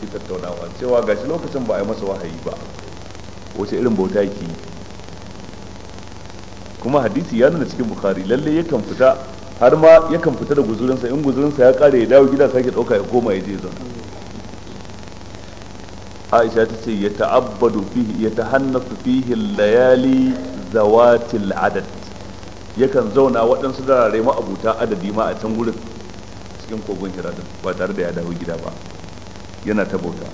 ke tattaunawa cewa gashi lokacin ba a yi masa wahayi ba wace irin bauta yake yi kuma hadisi ya nuna cikin bukhari lalle yakan fita har ma yakan fita da guzurinsa in guzurinsa ya kare ya dawo gida sake dauka ya koma ya je zan aisha ta ce ya ta'abbadu fihi ya tahannasu fihi layali zawatil adad yakan zauna waɗansu da rema abuta adadi ma a can gurin cikin kogon hira ba tare da ya dawo gida ba yana ta bauta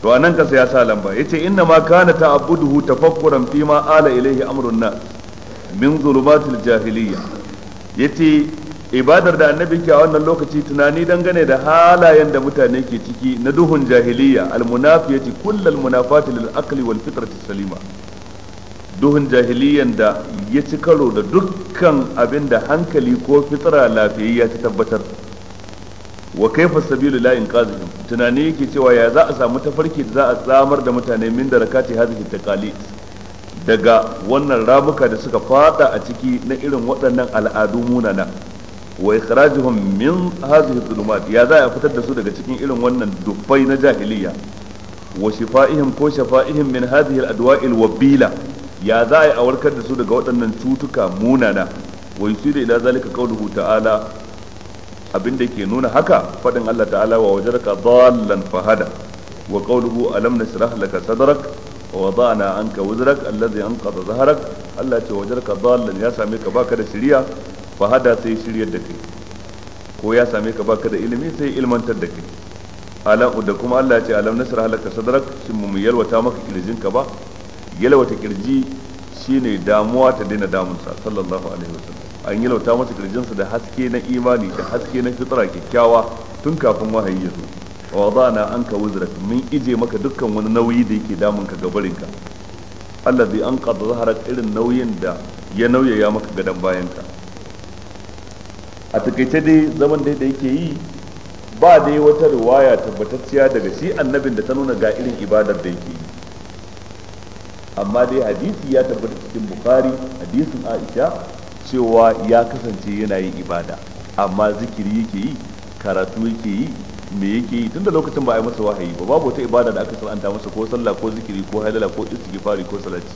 to anan kasa ya sa lamba yace inna ma kana ta'abbuduhu tafakkuran fi ma ala ilaihi amrun na. min zulumatil jahiliyya yace ibadar da annabi ke a wannan lokaci tunani dangane da halayen da mutane ke ciki na duhun jahiliyya almunafiyati kullal munafati lil aqli wal fitrati salima duhun jahiliyan da ya ci karo da dukkan abin da hankali ko fitra lafiyayya ta tabbatar wa kaifa sabilu la inqazihim tunani yake cewa ya za a samu tafarki da za a tsamar da mutane min da rakati hadhihi daga wannan ramuka da suka fada a ciki na irin waɗannan al'adu munana wa ikhrajuhum min hadhihi dhulumat ya za a fitar da su daga cikin irin wannan dufai na jahiliya wa shifa'ihim ko shafa'ihim min hadhihi al-adwa'il wabila ya za a warkar da su daga waɗannan cutuka munana wa yusidu ila zalika qawluhu ta'ala abin da ke nuna haka faɗin Allah ta'ala wa wajarka zallan fahada wa qawluhu alam nashrah laka sadarak wa wada'na anka wuzrak allazi anqadha zaharak Allah ce wajarka zallan ya same ka baka da shiriya fahada sai shiryar da kai ko ya same ka baka da ilimi sai ilmantar da kai ala da kuma Allah ce alam nashrah laka sadarak shin mu yalwata maka ka ba yalwata kirji shine damuwa ta daina damunsa sallallahu alaihi wasallam an yi lauta masa kirjinsa da haske na imani da haske na fitra kyakkyawa tun kafin wahayi ya zo wa an anka wuzrak mun ije maka dukkan wani nauyi da yake damun ka gabarin ka zai an qad zaharat irin nauyin da ya ya maka gadan bayan ka a takaice dai zaman dai da yake yi ba dai wata riwaya tabbatacciya daga shi annabin da ta nuna ga irin ibadar da yake yi amma dai hadisi ya tabbata cikin bukhari hadisin aisha cewa ya kasance yana yin ibada amma zikiri yake yi karatu yake yi me yake yi tunda lokacin ba a yi masa wahayi ba babu wata ibada da aka sananta masa ko sallah ko zikiri ko halala ko istighfari ko salati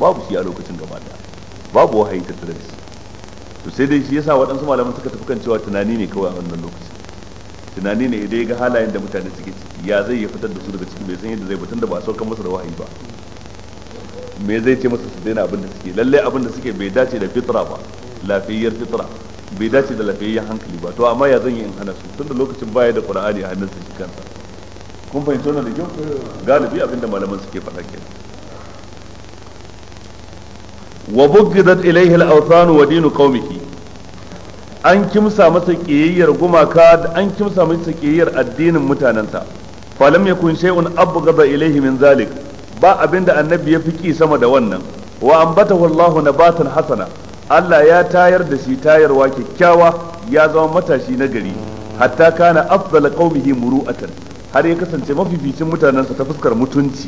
babu shi a lokacin gaba da babu wahayi ta da shi to sai dai shi yasa waɗansu malaman suka tafi kan cewa tunani ne kawai a wannan lokaci tunani ne idan ya ga halayen da mutane suke ciki ya zai ya fitar da su daga ciki bai san yadda zai ba da ba a saukar masa da wahayi ba me zai ce masa su daina abin da suke lallai abin da suke bai dace da fitra ba Lafiyar fitra bai dace da lafiyayyen hankali ba to amma ya zan yi in hana su tunda lokacin baya da qur'ani a hannunsa shi kansa kun fahimci wannan da kyau galibi abinda malaman suke faɗa kenan wa bughidat ilayhi al-awthan wa dinu qaumihi an kimsa masa kiyayyar gumaka da an kimsa masa kiyayyar addinin mutanansa falam yakun shay'un abghada ilayhi min zalik ba abinda annabi ya fi ki sama da wannan wa ambatahu Allahu nabatan hasana Allah ya tayar da shi tayarwa kyakkyawa ya zama matashi na gari hatta kana afdal qaumihi muru'atan har ya kasance mafificin mutanensa ta fuskar mutunci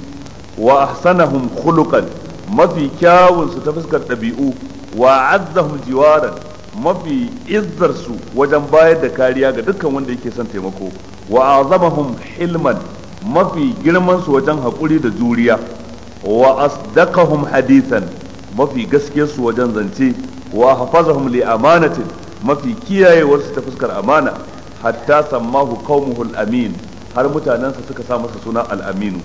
wa ahsanahum khuluqan mafi kyawun su ta fuskar ɗabi'u wa azzahum jiwaran mafi izzar su wajen bayar da kariya ga dukkan wanda yake son taimako wa azamahum hilman mafi girman su wajen haƙuri da juriya wa asdaqahum hadisan mafi gaskiyar su wajen zance wa hafazahum li amanatin mafi kiyayewarsu su ta fuskar amana hatta sammahu qaumuhu al-amin har mutanansa suka sa masa suna al-aminu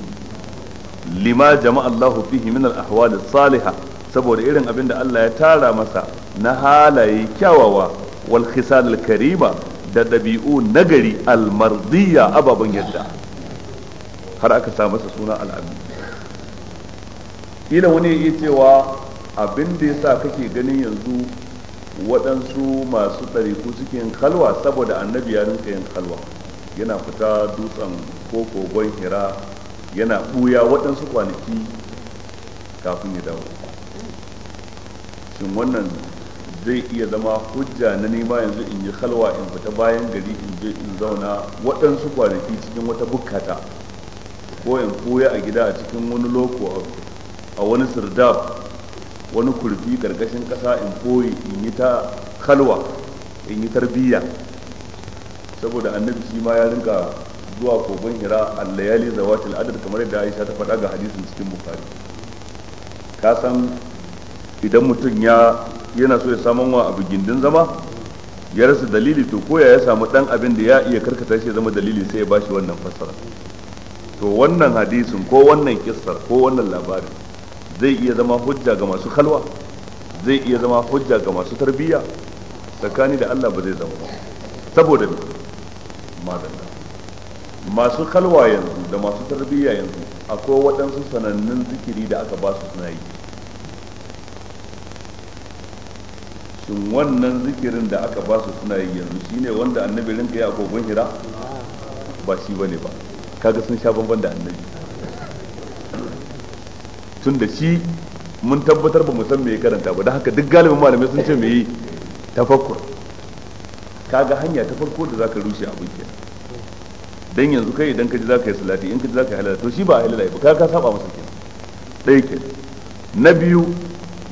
lima jama'a Allahu fihi min al-ahwal salihah saboda irin abin da Allah ya tara masa na halaye kyawawa wal khisal karima da dabi'u nagari al-mardiya ababan yadda har aka sa masa suna al-amin ila wani ya cewa abin da yasa kake ganin yanzu waɗansu masu ɗariku suke yin kalwa saboda annabi ya rinka yin kalwa yana fita dutsen ko kogon hira yana ɓuya waɗansu kwanaki kafin ya dawo shin wannan zai iya zama hujja na nema yanzu in yi kalwa in fita bayan gari in je in zauna waɗansu kwanaki cikin wata bukata ko in ɓuya a gida a cikin wani loko a wani sirdab wani kurfi gargashin kasa in koyi in yi ta kalwa in yi tarbiyya saboda annabi shi ma ya rinka zuwa kogon hira allayali zawatil adad kamar yadda Aisha ta faɗa ga hadisin cikin bukari ka san idan mutum ya yana so ya saman wa abu gindin zama ya rasa dalili to koya ya samu dan abin da ya iya karkata shi ya zama dalili sai ya bashi wannan fassara to wannan hadisin ko wannan kissar ko wannan labarin zai iya zama hujja ga masu kalwa zai iya zama hujja ga masu tarbiyya tsakani da Allah ba zai zama ba saboda ne, madalla masu kalwa yanzu da masu tarbiyya yanzu akwai waɗansu sanannun zikiri da aka ba su suna yi shin wannan zikirin da aka ba su suna yi yanzu shine wanda annabi rinka yi a kogon hira ba shi bane ba kaga sun sha bamban da annabi tun da shi mun tabbatar ba mu san me karanta ba don haka duk galibin malamai sun ce me yi tafakkur kaga hanya ta farko da zaka rushe abin kenan dan yanzu kai idan ka ji zaka yi salati in ka ji zaka yi halala to shi ba halala ba kaga ka saba masa kenan ɗaya kenan na biyu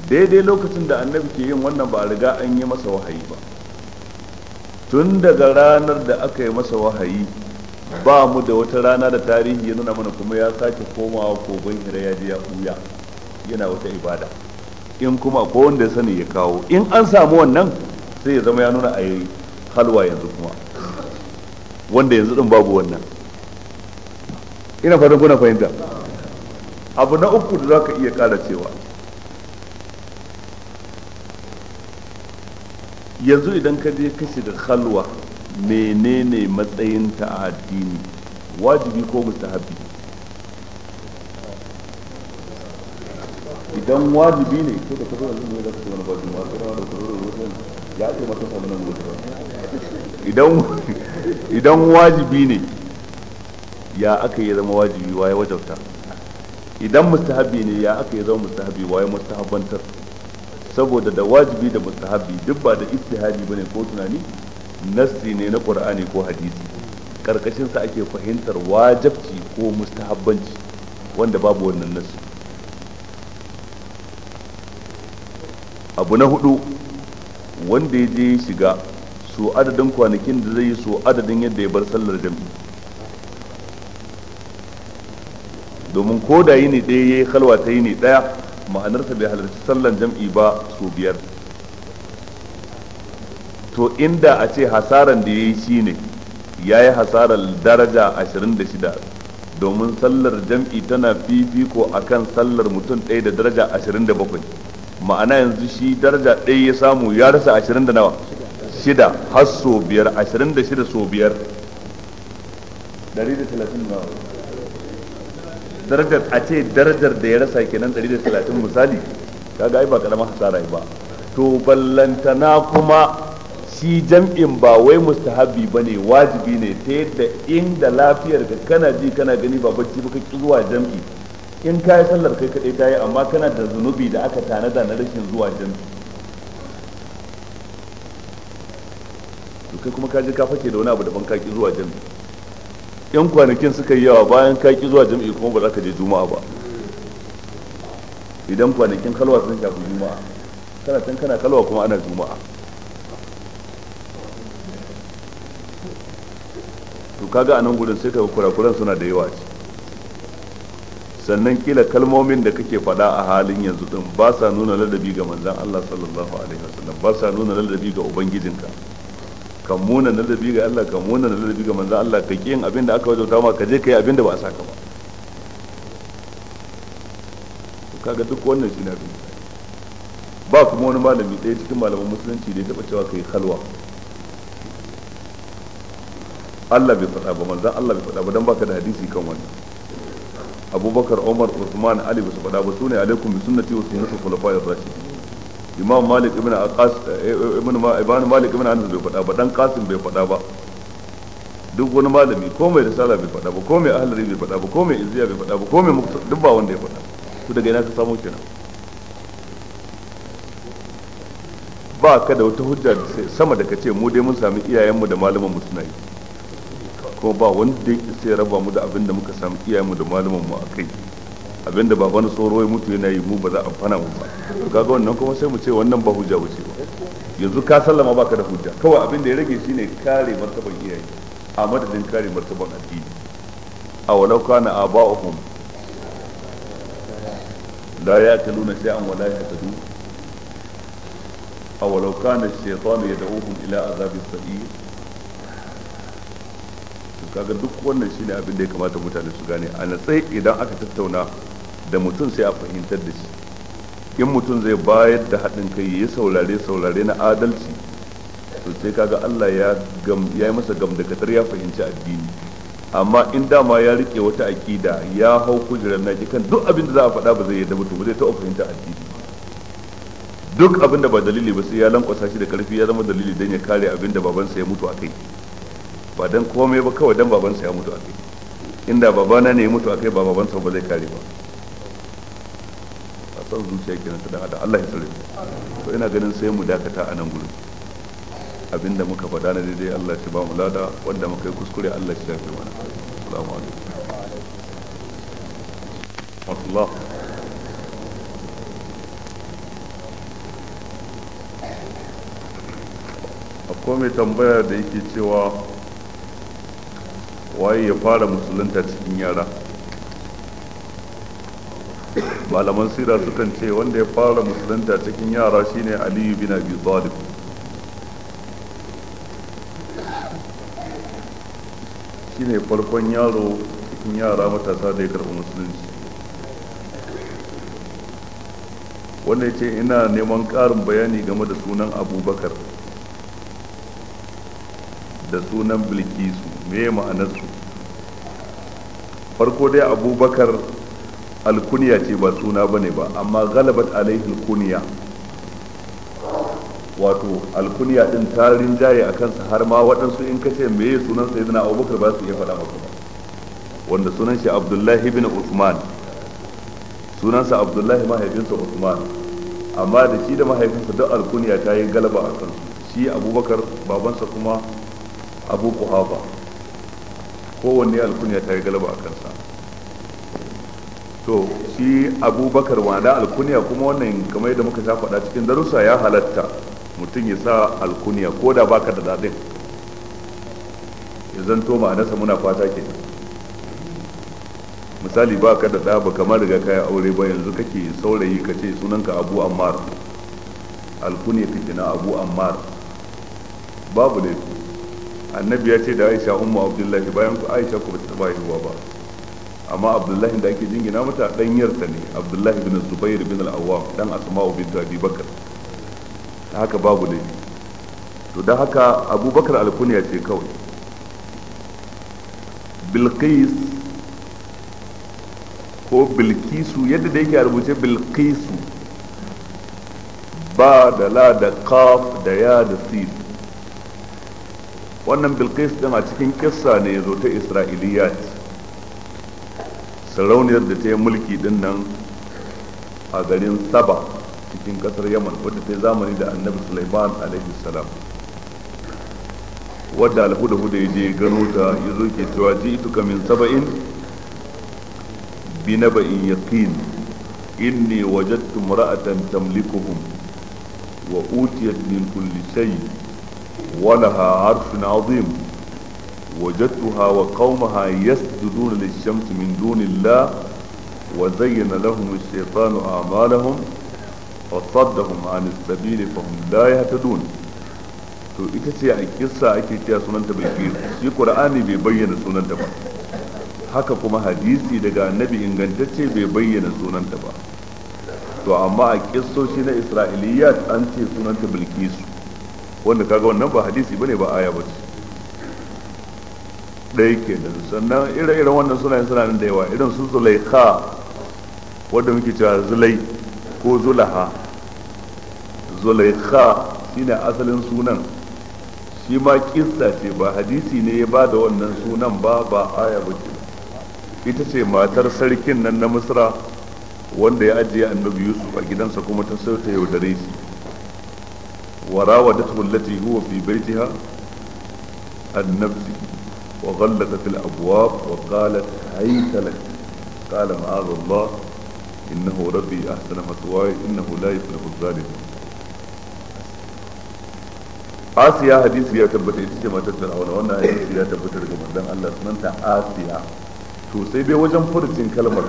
daidai lokacin da annabi ke yin wannan ba a riga an yi masa wahayi ba tun daga ranar da aka yi masa wahayi ba mu da wata rana da tarihi ya nuna mana kuma ya sake komawa kogon hira ya je ya buya, yana wata ibada in kuma ko wanda ya sani ya kawo in an samu wannan sai ya zama ya nuna a yi halwa yanzu kuma wanda yanzu din babu wannan ina fatan kuna fahimta abu na uku da za ka iya ƙara cewa yanzu idan ka je ka shiga halwa menene matsayinta a addini wajibi ko mustahabi idan wajibi ne ko da kafa yanzu ne za ka wani wajibi ma sai da kuma da ya ce mata samu nan wajibi idan idan wajibi ne ya aka yi zama wajibi waye wajabta idan mustahabi ne ya aka yi zama mustahabi waye mustahabantar? saboda da wajibi da mustahabi duk ba da istihadi bane ko tunani nassi ne na qur'ani ko hadisi karkashin sa ake fahimtar wajabci ko mustahabbanci wanda babu wannan nassi abu na hudu wanda ya je shiga so adadin kwanakin da zai yi so adadin yadda ya bar sallar jam'i. domin ko da yini ɗaya ya yi halwa ta ne ɗaya ma'anarsa bai halarci sallar jam'i ba su biyar to inda a ce hasaran da ya yi shi ne ya yi hasarar daraja 26 domin sallar jam'i tana fifiko a kan sallar mutum ɗaya da daraja 27 ma'ana yanzu shi daraja ɗaya ya samu ya rasa 20 da nawa shida har so biyar 26 so biyar 130 darajar a ce darajar da ya rasa kenan 130 misali kaga ai ba karamar hasara ba to ballantana kuma shi jam'in ba wai mustahabi ba ne wajibi ne ta yadda inda lafiyar ka kana ji kana gani ba bacci ba ki zuwa jam'i in ka yi sallar kai kadai ta yi amma kana da zunubi da aka tanada na rashin zuwa jam'i to kai kuma ka je ka fake da wani abu daban ka ki zuwa jam'i yan kwanakin suka yi yawa bayan ka ki zuwa jam'i kuma ba za ka je juma'a ba idan kwanakin kalwa sun shafi juma'a kana can kana kalwa kuma ana juma'a kaga a nan gudun sai ka kurakuran suna da yawa ce sannan kila kalmomin da kake faɗa a halin yanzu din ba sa nuna ladabi ga manzan Allah sallallahu alaihi wasallam ba sa nuna ladabi ga ubangijinka ka muna ladabi ga Allah ka muna ladabi ga manzan Allah ka kiyin abin da aka wajauta ma ka je kai abin da ba a saka ba kaga duk wannan shi na ba kuma wani malami ɗaya cikin malaman musulunci da ya taɓa cewa kai halwa Allah bai faɗa ba manzon Allah bai faɗa ba dan baka da hadisi kan wani Abubakar Umar Uthman Ali ba su faɗa ba sune alaikum bi sunnati wa sunnati khulafa'ir rashidin Imam Malik ibn Aqas eh, eh, ibn Ibn Malik ibn Anas bai faɗa ba dan Qasim bai faɗa ba duk wani malami ko mai risala bai faɗa ba ko mai ahlari bai faɗa ba ko mai izziya bai faɗa ba ko mai duk ba wanda ya faɗa to daga ina ka samu kenan ba ka da wata hujja sama da ka ce mu dai mun sami iyayenmu da malaman mu suna yi ko ba wanda yake sai raba mu da abin da muka samu iyayenmu da malaman mu akai abin da baban tsoro ya mutu yana yi mu ba za a fana mu ba to kaga wannan kuma sai mu ce wannan ba hujja wuce ba yanzu ka sallama baka da hujja kawai abin da ya rage shine kare martaban iyaye a madadin kare martaban addini a walau kana aba'uhum la ya'kuluna shay'an wa la yahtadun أولو كان الشيطان يدعوهم ila عذاب sa'ir kaga duk wannan shine abin da ya kamata mutane su gane a natsai idan aka tattauna da mutum sai a fahimtar da shi in mutum zai bayar da haɗin kai ya saurare saurare na adalci to sai kaga Allah ya gam ya yi masa gamdakatar ya fahimci addini amma in dama ya rike wata akida ya hau kujerar naki kan duk abin da za a faɗa ba zai yadda mutum zai taɓa fahimta addini duk abin da ba dalili ba sai ya lankwasa shi da karfi ya zama dalili don ya kare abin da babansa ya mutu a kai ba dan komai ba kawai dan babansa ya mutu a kai inda babana ne ya mutu a kai, ba babansa ba zai kare ba a san zuciya kenan ta dan Allah ya tsare to ina ganin sai mu dakata a nan gurin abinda muka faɗa na daidai Allah shi ba mu lada wanda muka yi kuskure Allah shi shafe mana assalamu alaikum Allah akwai mai tambaya da yake cewa waye ya fara musulunta cikin yara malaman sira sukan ce wanda ya fara musulunta cikin yara shine aliyu bin abi talib shine farkon yaro cikin yara matasa da ya karɓi musulunci wanda ya ce ina neman ƙarin bayani game da sunan abubakar da sunan bilkisu me su farko dai abubakar alkuniya ce ba suna bane ba amma galabat alaihi alkuniya wato alkuniya din ta rinjaye a kansa har ma waɗansu in kace ya sunan na abubakar ba su iya faɗa maka ba wanda sunan shi abdullahi bin usman sunansa abdullahi mahaifinsa usman amma da shi da mahaifinsa duk alkuniya ta yi galaba a kansu shi abubakar babansa kuma abu kuhaba kowanne alkunya ta yi galaba a kansa to shi abubakar wanda alkunya kuma wannan kamar yadda muka sha faɗa cikin darussa ya halatta mutum ya sa alkunya ko da baka da daɗin ya zanto ma'anarsa muna fata ke misali ba ka da ɗaba kamar riga kayan aure ba yanzu kake saurayi ka ce sunanka abu ammar alkunya kake na abu ammar babu laifi annabi ya ce da aisha umma abdullahi bayan ku aisha ku bata taba haihuwa ba amma abdullahi da ake jingina mata ɗanyarta ne abdullahi bin zubair bin al-awwam dan asma'u bint abi bakar haka babu ne to da haka abubakar al-kunya ce kawai bilqis ko bilkisu yadda da yake rubuce bilkisu ba da la da kaf da ya da sin wannan bilqis din a cikin kissa ne yazo ta isra'iliyat sarauniyar da ta yi mulki din nan a garin saba cikin kasar yaman wadda ta yi zamani da annabi sulaiman alaihi salam wadda alhuda-huda ya je gano ta ya zo ke cewa ji ituka min saba'in bi naba'in yaqin inni wajadtu mar'atan tamlikuhum wa utiyat min kulli shay' ولها عرش عظيم وجدتها وقومها يسجدون للشمس من دون الله وزين لهم الشيطان أعمالهم وصدهم عن السبيل فهم لا يهتدون to ita ce a kissa ake cewa sunanta bilkis shi qur'ani bai bayyana sunanta ba haka kuma hadisi daga annabi ingantacce bai bayyana sunanta ba to amma a kissoshi na isra'iliyat an ce sunanta bilkisu wanda kaga wannan ba hadisi bane ba aya ba ɗaya kenan sannan ire-iren wannan sunayen suna nan da yawa irin su zulaikha wanda muke cewa zulai ko zulaha zulaikha shine asalin sunan shi ma kissa ce ba hadisi ne ya ba da wannan sunan ba ba aya ba ita ce matar sarkin nan na misra wanda ya ajiye annabi yusuf a gidansa kuma ta sauta yaudare shi وراودته التي هو في بيتها النفس وغلقت الابواب وقالت هيت لك قال معاذ الله انه ربي احسن مثواي انه لا يفلح الظالمون آسيا حديث يا تبت ايتي ما تتن اولا وانا يا تبتي رجو مردان الله سننتا آسيا تو سيبه وجن فرسين كلمة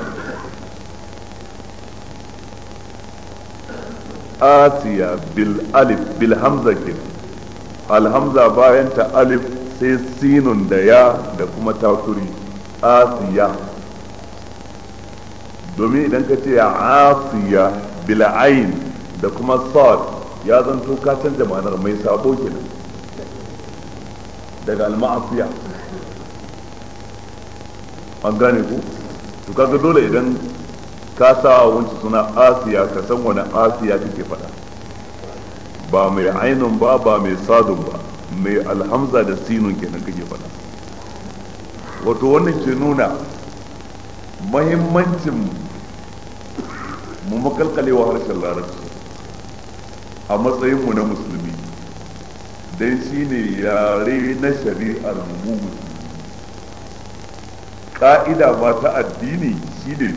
asiya bil alif bil hamza ke al hamza bayan ta alif sai sinun da ya da kuma takuri asiya domin idan ka ce asiya bil ain da kuma sad ya zan to ka canza ma'anar mai sabo kenan daga al ma'asiya an gane ku to kaga dole idan ka sa wancan suna asiya ka san wani asiya kake faɗa ba mai ainun ba ba mai sadun ba mai alhamza da sinun kenan kake faɗa wato wannan ke nuna mahimmancin mu makalkalewa harshen larabci a matsayinmu na musulmi don shi ne yare na shari'ar mu musulmi ƙa'ida ba ta addini shi ne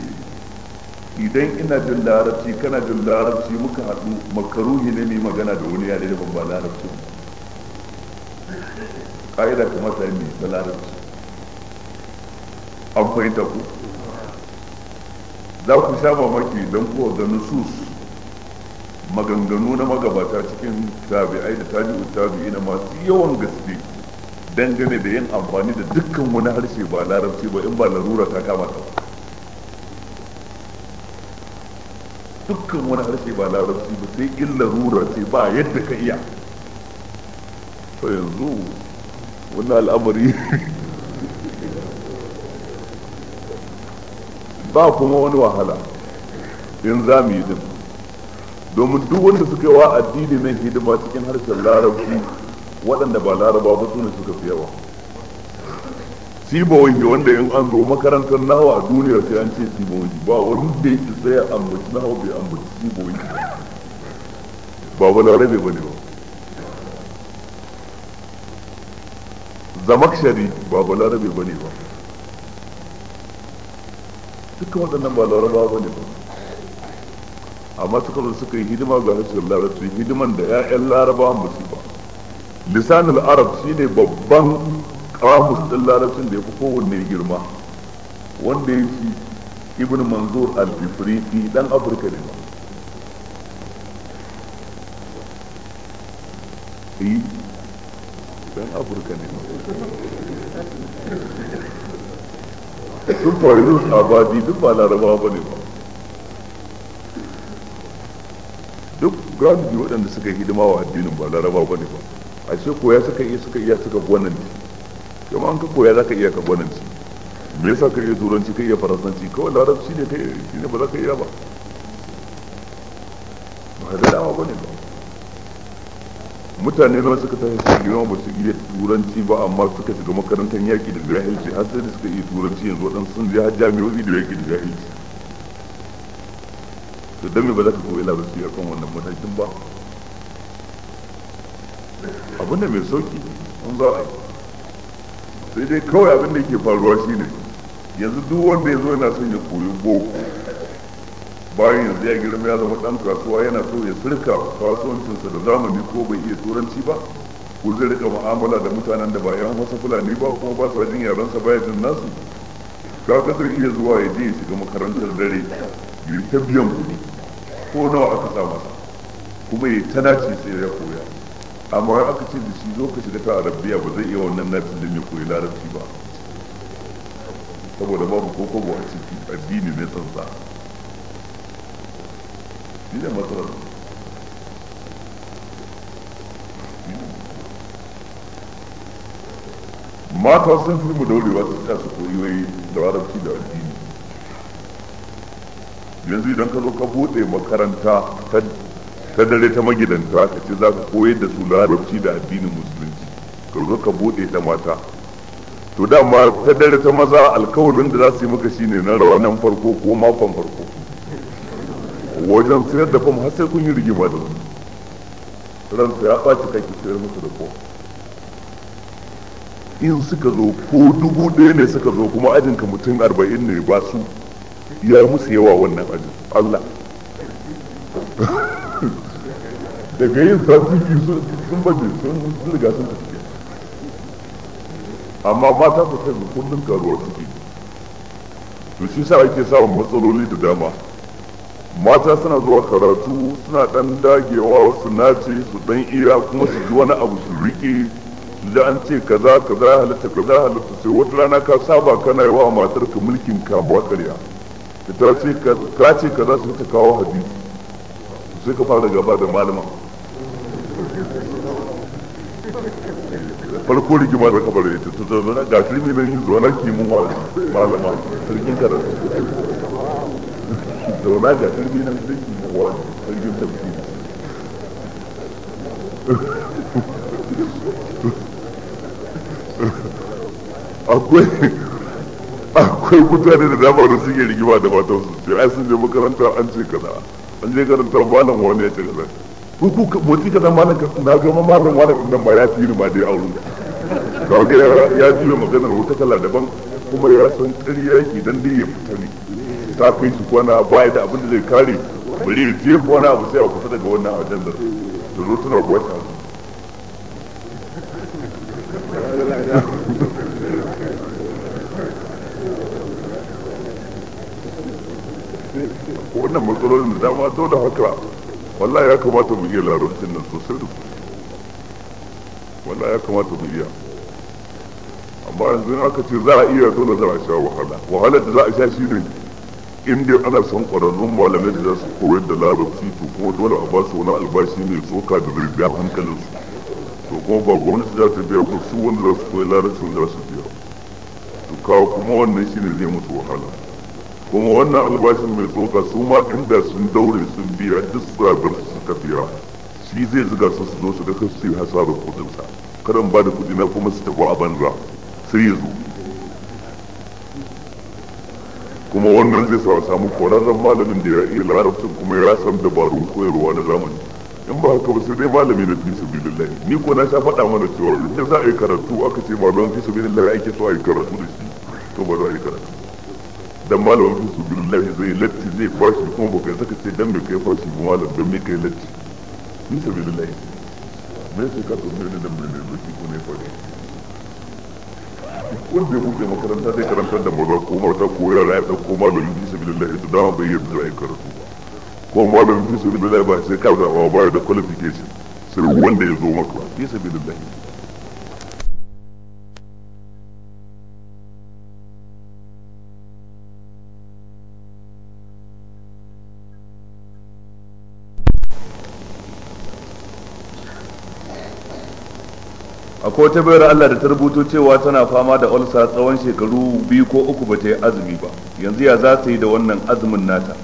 idan ina jin larabci kana jin larabci muka haɗu makaruhi ne mai magana da wani yare da ban ba larabci ƙa'ida kamata ne da larabci an fahimta ku za ku sha mamaki don kuwa ga nusus maganganu na magabata cikin tabi'ai da tabi'u tabi'i na masu yawan gaske dangane da yin amfani da dukkan wani harshe ba larabci ba in ba larura ta kama ta ba dukkan wani harshe ba larabci ba sai illa rura ce ba yadda ka iya to yanzu wannan al'amari ba kuma wani wahala in za mu yi din domin duk wanda suka yi wa addini nan hidima cikin harshen larabci waɗanda ba laraba ba su ne suka fi yawa sibawai wanda in an zo makarantar nahawa a duniyar sai an ce sibawai ba wani wanda yake sai an ambaci nahawa bai ambaci sibawai ba wani rabe bane ba zamakshari ba balarabe ba ne ba dukkan waɗannan ba laraba ba ne ba amma suka zo suka yi hidima ga harshen larabci hidiman da 'ya'yan laraba ba su ba lisanin arab shine babban kamus din larabcin da ya fi kowanne girma wanda ya ci ibn manzur al-ifriqi dan afirka ne ba yi dan afirka ne sun faru abadi duk ba laraba ba ne ba duk galibi waɗanda suka hidima wa addinin ba laraba ba ne ba a ko ya suka iya suka iya suka gwanan ne kuma an ka koya za ka iya kabonanci me yasa ka iya turanci ka iya faransanci kawai larabci ne ka shi ne ba za ka iya ba ba ka dama ba ne ba mutane zama suka tashi su girma ba su iya turanci ba amma suka shiga makarantar yaƙi da jahilci har sai da suka iya turanci yanzu waɗansu sun je har jami'o'i da yaƙi da jahilci to don me ba za ka koyi larabci a kan wannan matakin ba abin da mai sauki an za a yi sai dai kawai abin da yake faruwa shine yanzu duk wanda ya zo yana son ya koyi boko bayan yanzu ya girma ya zama dan kasuwa yana so ya sirka kasuwancinsa da zamani ko bai iya turanci ba ko zai rika mu'amala da mutanen da ba yan wasu fulani ba kuma ba su jin yaransa ba ya jin nasu ka kasar iya zuwa ya je ya shiga makarantar dare ya ta biyan kuɗi ko nawa aka sa masa kuma ya ta sai ya koya amma har aka ce da shi zo ka shiga ta arabiya ba zai iya wannan nafin da mai koyi larabci ba saboda babu ko kobo a ciki addini mai tsantsa shi ne matsalar mata sun fi mu daurewa su tsaya su koyi wai da larabci da addini yanzu idan ka zo ka buɗe makaranta ta ta dare ta magidanta aka ce za ka koyar da su larabci da addinin musulunci ka zo ka bude ta mata to dama ta dare ta maza alkawarin da za su yi maka shine na rawanan farko ko makon farko wajen sayar da fam har sai kun yi rigima da su ranta ya ɓaci kake sayar musu da ko in suka zo ko dubu ɗaya ne suka zo kuma ajinka mutum arba'in ne ba su ya musu yawa wannan ajin Allah daga yin trafiki sun baje sun riga sun tafi amma mata su kai kullum karuwa suke to shi sa ake samun matsaloli da dama mata suna zuwa karatu suna dan dagewa su nace su dan ira kuma su ji wani abu su rike su ji an ce kaza kaza halitta kaza halitta sai wata rana ka saba kana yi wa matar ka mulkin ka ba karya ta ce kaza su ta kawo hadisi sai ka fara gaba da malama farko rigima da kabar da ita ta zama ga turmi da shi zuwa ke mun wa malama sarkin karar zauna ga turmi nan zai ke mun wa sarkin tafsiri akwai akwai mutane da dama da suke rigima da matansu sai sun je makarantar an ce kaza an je karantar malam wani ya ce kaza ku ku motsi ka zama na na ga ma mamarin wani nan ba ya tsiri ma dai aure. ga ga ya magana maganar wata kala daban kuma ya san tsiri yake dan dai ya fita ne ta kai su kwana baya da abin da zai kare bari ya tsiri kwana abu sai a kusa daga wannan ajandar da zo suna gwata wannan matsalolin da dama sau da haka wallahi ya kamata mu iya larabcin nan sosai da wallahi ya kamata mu iya amma yanzu in aka ce za a iya dole za a sha wahala wahala da za a sha shine in dai ana son ƙwararrun malamai da za su koyar da larabci to kuma dole a ba su wani albashi mai tsoka da zirga hankalin su to kuma ba gwamnati za ta biya ko su wanda za su koyi larabci wanda za su biya to kawo kuma wannan shine zai musu wahala kuma wannan albashin mai tsoka su ma inda sun daure sun biya duk sabir su tafiya shi zai zuga su su zo su ga su yi hasarar kudinsa karan ba da kudi na kuma su tafi a banza sai ya zo kuma wannan zai sa samu kwararren malamin da ya iya larabcin kuma ya san dabarun koyarwa na zamani in ba haka ba sai dai malami na fi sabilillah ni ko na sha faɗa mana cewa in za a yi karatu aka ce malamin fi sabilillah ake so a yi karatu da shi to ba za a yi karatu dan malamin fi su billahi zai latti zai fashi kuma ba kai saka ce dan me kai fashi ba malam dan me kai latti ni sabi billahi me sai ka tsoro ne dan me ne ba ko ne fashi wanda ya buɗe makaranta zai karanta da maza ko marta ko yara ya ɗauko malamin fi su billahi to dama bai da ya karatu ba ko malamin fi su billahi ba sai ka da ba da qualification sai wanda ya zo maka fi su billahi Ko ta bayar Allah da ta rubuto cewa tana fama da ulsa tsawon shekaru biyu ko uku ba ta yi azumi ba yanzu ya za ta yi da wannan azumin nata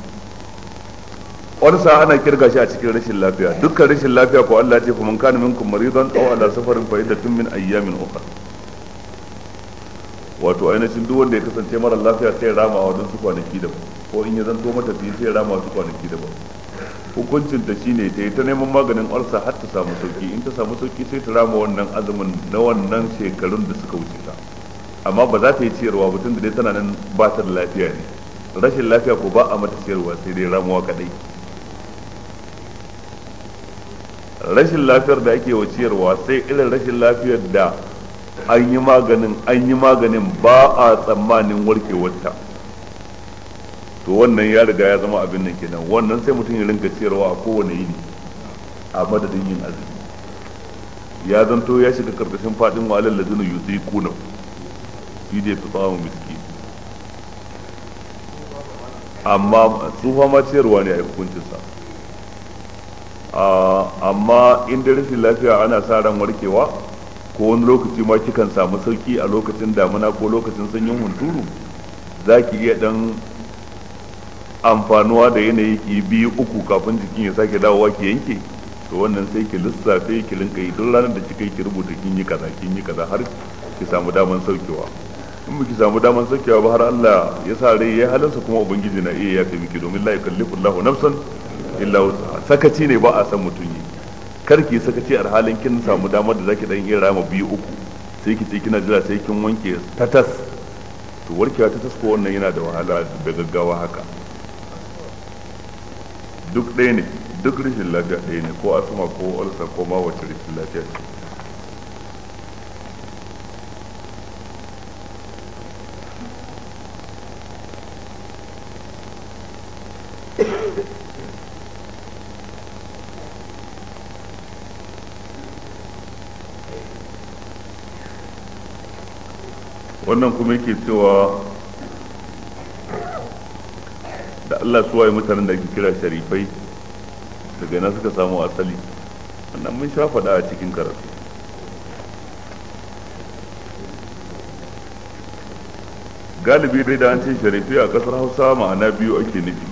ulsa ana kirga shi a cikin rashin lafiya dukkan rashin lafiya ko Allah ce kuma man kana minkum maridan aw ala safarin fa tun min ayyamin ukhra wato ainihin duk wanda ya kasance mara lafiya sai rama wa don su kwanaki da ko in ya zanto matafiyi sai rama su kwanaki da ba hukuncin ta shine ta yi ta neman maganin ƙwarsa har ta samu sauki in ta samu sauki sai ta rama wannan azumin na wannan shekarun da suka wuce ta amma ba za ta yi ciyarwa ba da dai tana nan ba ta da lafiya ne rashin lafiya ko ba a mata ciyarwa sai dai ramuwa kadai rashin lafiyar da ake wa ciyarwa sai irin rashin lafiyar da an an yi maganin ba a tsammanin warkewarta to wannan ya riga ya zama abin nan kenan wannan sai mutum ya rinka ciyarwa a kowane yini a madadin yin azumi ya zanto ya shiga karkashin fadin walal ladina yuziquna fi da fitawu miski amma su ma ciyarwa ne a hukuncin sa amma in da rashin lafiya ana sa ran warkewa ko wani lokaci ma kikan samu sauki a lokacin damuna ko lokacin sanyin hunturu za ki iya dan amfanuwa da yanayi ki biyu uku kafin jikin ya sake dawowa ki yanke to wannan sai ki lissafe ki linka yi duk ranar da kika yi ki rubuta kin yi kaza kin yi kaza har ki samu daman saukewa in ba ki samu daman saukewa ba har Allah ya sa rai ya halarsa kuma ubangiji na iya yafe miki domin la yukallifu Allahu nafsan illa wusaha sakaci ne ba a san mutum yi kar ki sakaci a halin kin samu damar da zaki dan yi rama biyu uku sai ki ce kina jira sai kin wanke tatas to warkewa tatas ko wannan yana da wahala da gaggawa haka duk ɗaya ne duk rashin lafiya ɗaya ne ko asma ko ulsa ko ma wace rashin lafiya ce wannan kuma yake cewa Allah su waye mutanen da ake kira sharifai daga yana suka samu asali wannan mun sha faɗa a cikin karatu galibi dai da an ce sharifai a ƙasar hausa ma'ana biyu ake nufi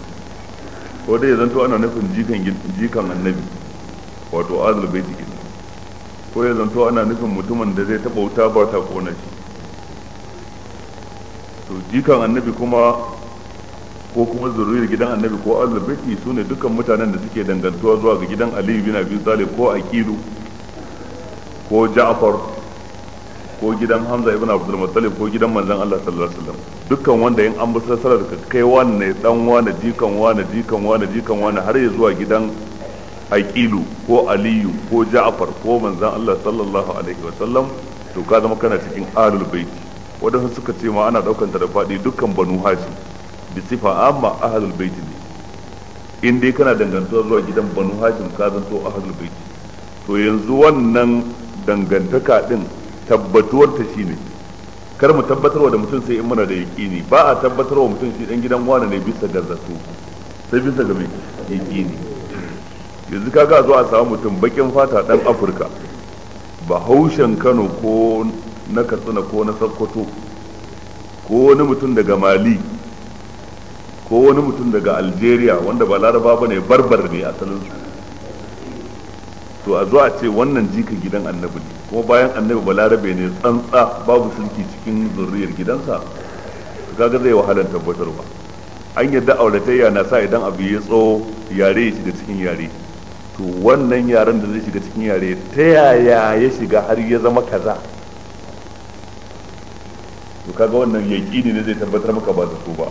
ko dai zanto ana nufin jikan jikan annabi wato azul bai jikin ko ya zanto ana nufin mutumin da zai taɓa wuta ba ta kona shi to jikan annabi kuma ko kuma zuriyar gidan annabi ko ahlul baiti sune dukkan mutanen da suke dangantuwa zuwa ga gidan aliyu bin abi talib ko aqilu ko ja'far ko gidan hamza ibn abdul muttalib ko gidan manzon Allah sallallahu alaihi wasallam dukkan wanda yin an busar sarar ka kai wanne dan wane jikan wane jikan wane jikan wane har ya zuwa gidan aqilu ko aliyu ko ja'far ko manzon Allah sallallahu alaihi wasallam to ka zama kana cikin ahlul baiti wadansu suka ce ma ana daukanta da fadi dukkan banu hashim bisifa amma ahalul baiti ne in dai kana dangantuwa zuwa gidan banu hashim ka zanto ahalul baiti to yanzu wannan dangantaka din tabbatuwar ta shine kar mu tabbatarwa da mutum sai in muna da ne ba a tabbatarwa mutum shi dan gidan wani ne bisa ga zato sai bisa ga mai ne yanzu kaga zo a samu mutum bakin fata dan afirka bahaushen kano ko na katsina ko na sokoto ko wani mutum daga mali ko wani mutum daga algeria wanda ba laraba ba ne barbar ne a su to a zo a ce wannan jika gidan annabi ne kuma bayan annabi ba larabe ne tsantsa babu sulki cikin zurriyar gidansa ga zai wahalar tabbatar ba an yadda auratayya na sa idan abu ya tso yare ya shiga cikin yare to wannan yaren da zai shiga cikin yare ta yaya ya shiga har ya zama kaza to kaga wannan yaƙini ne zai tabbatar maka ba su ba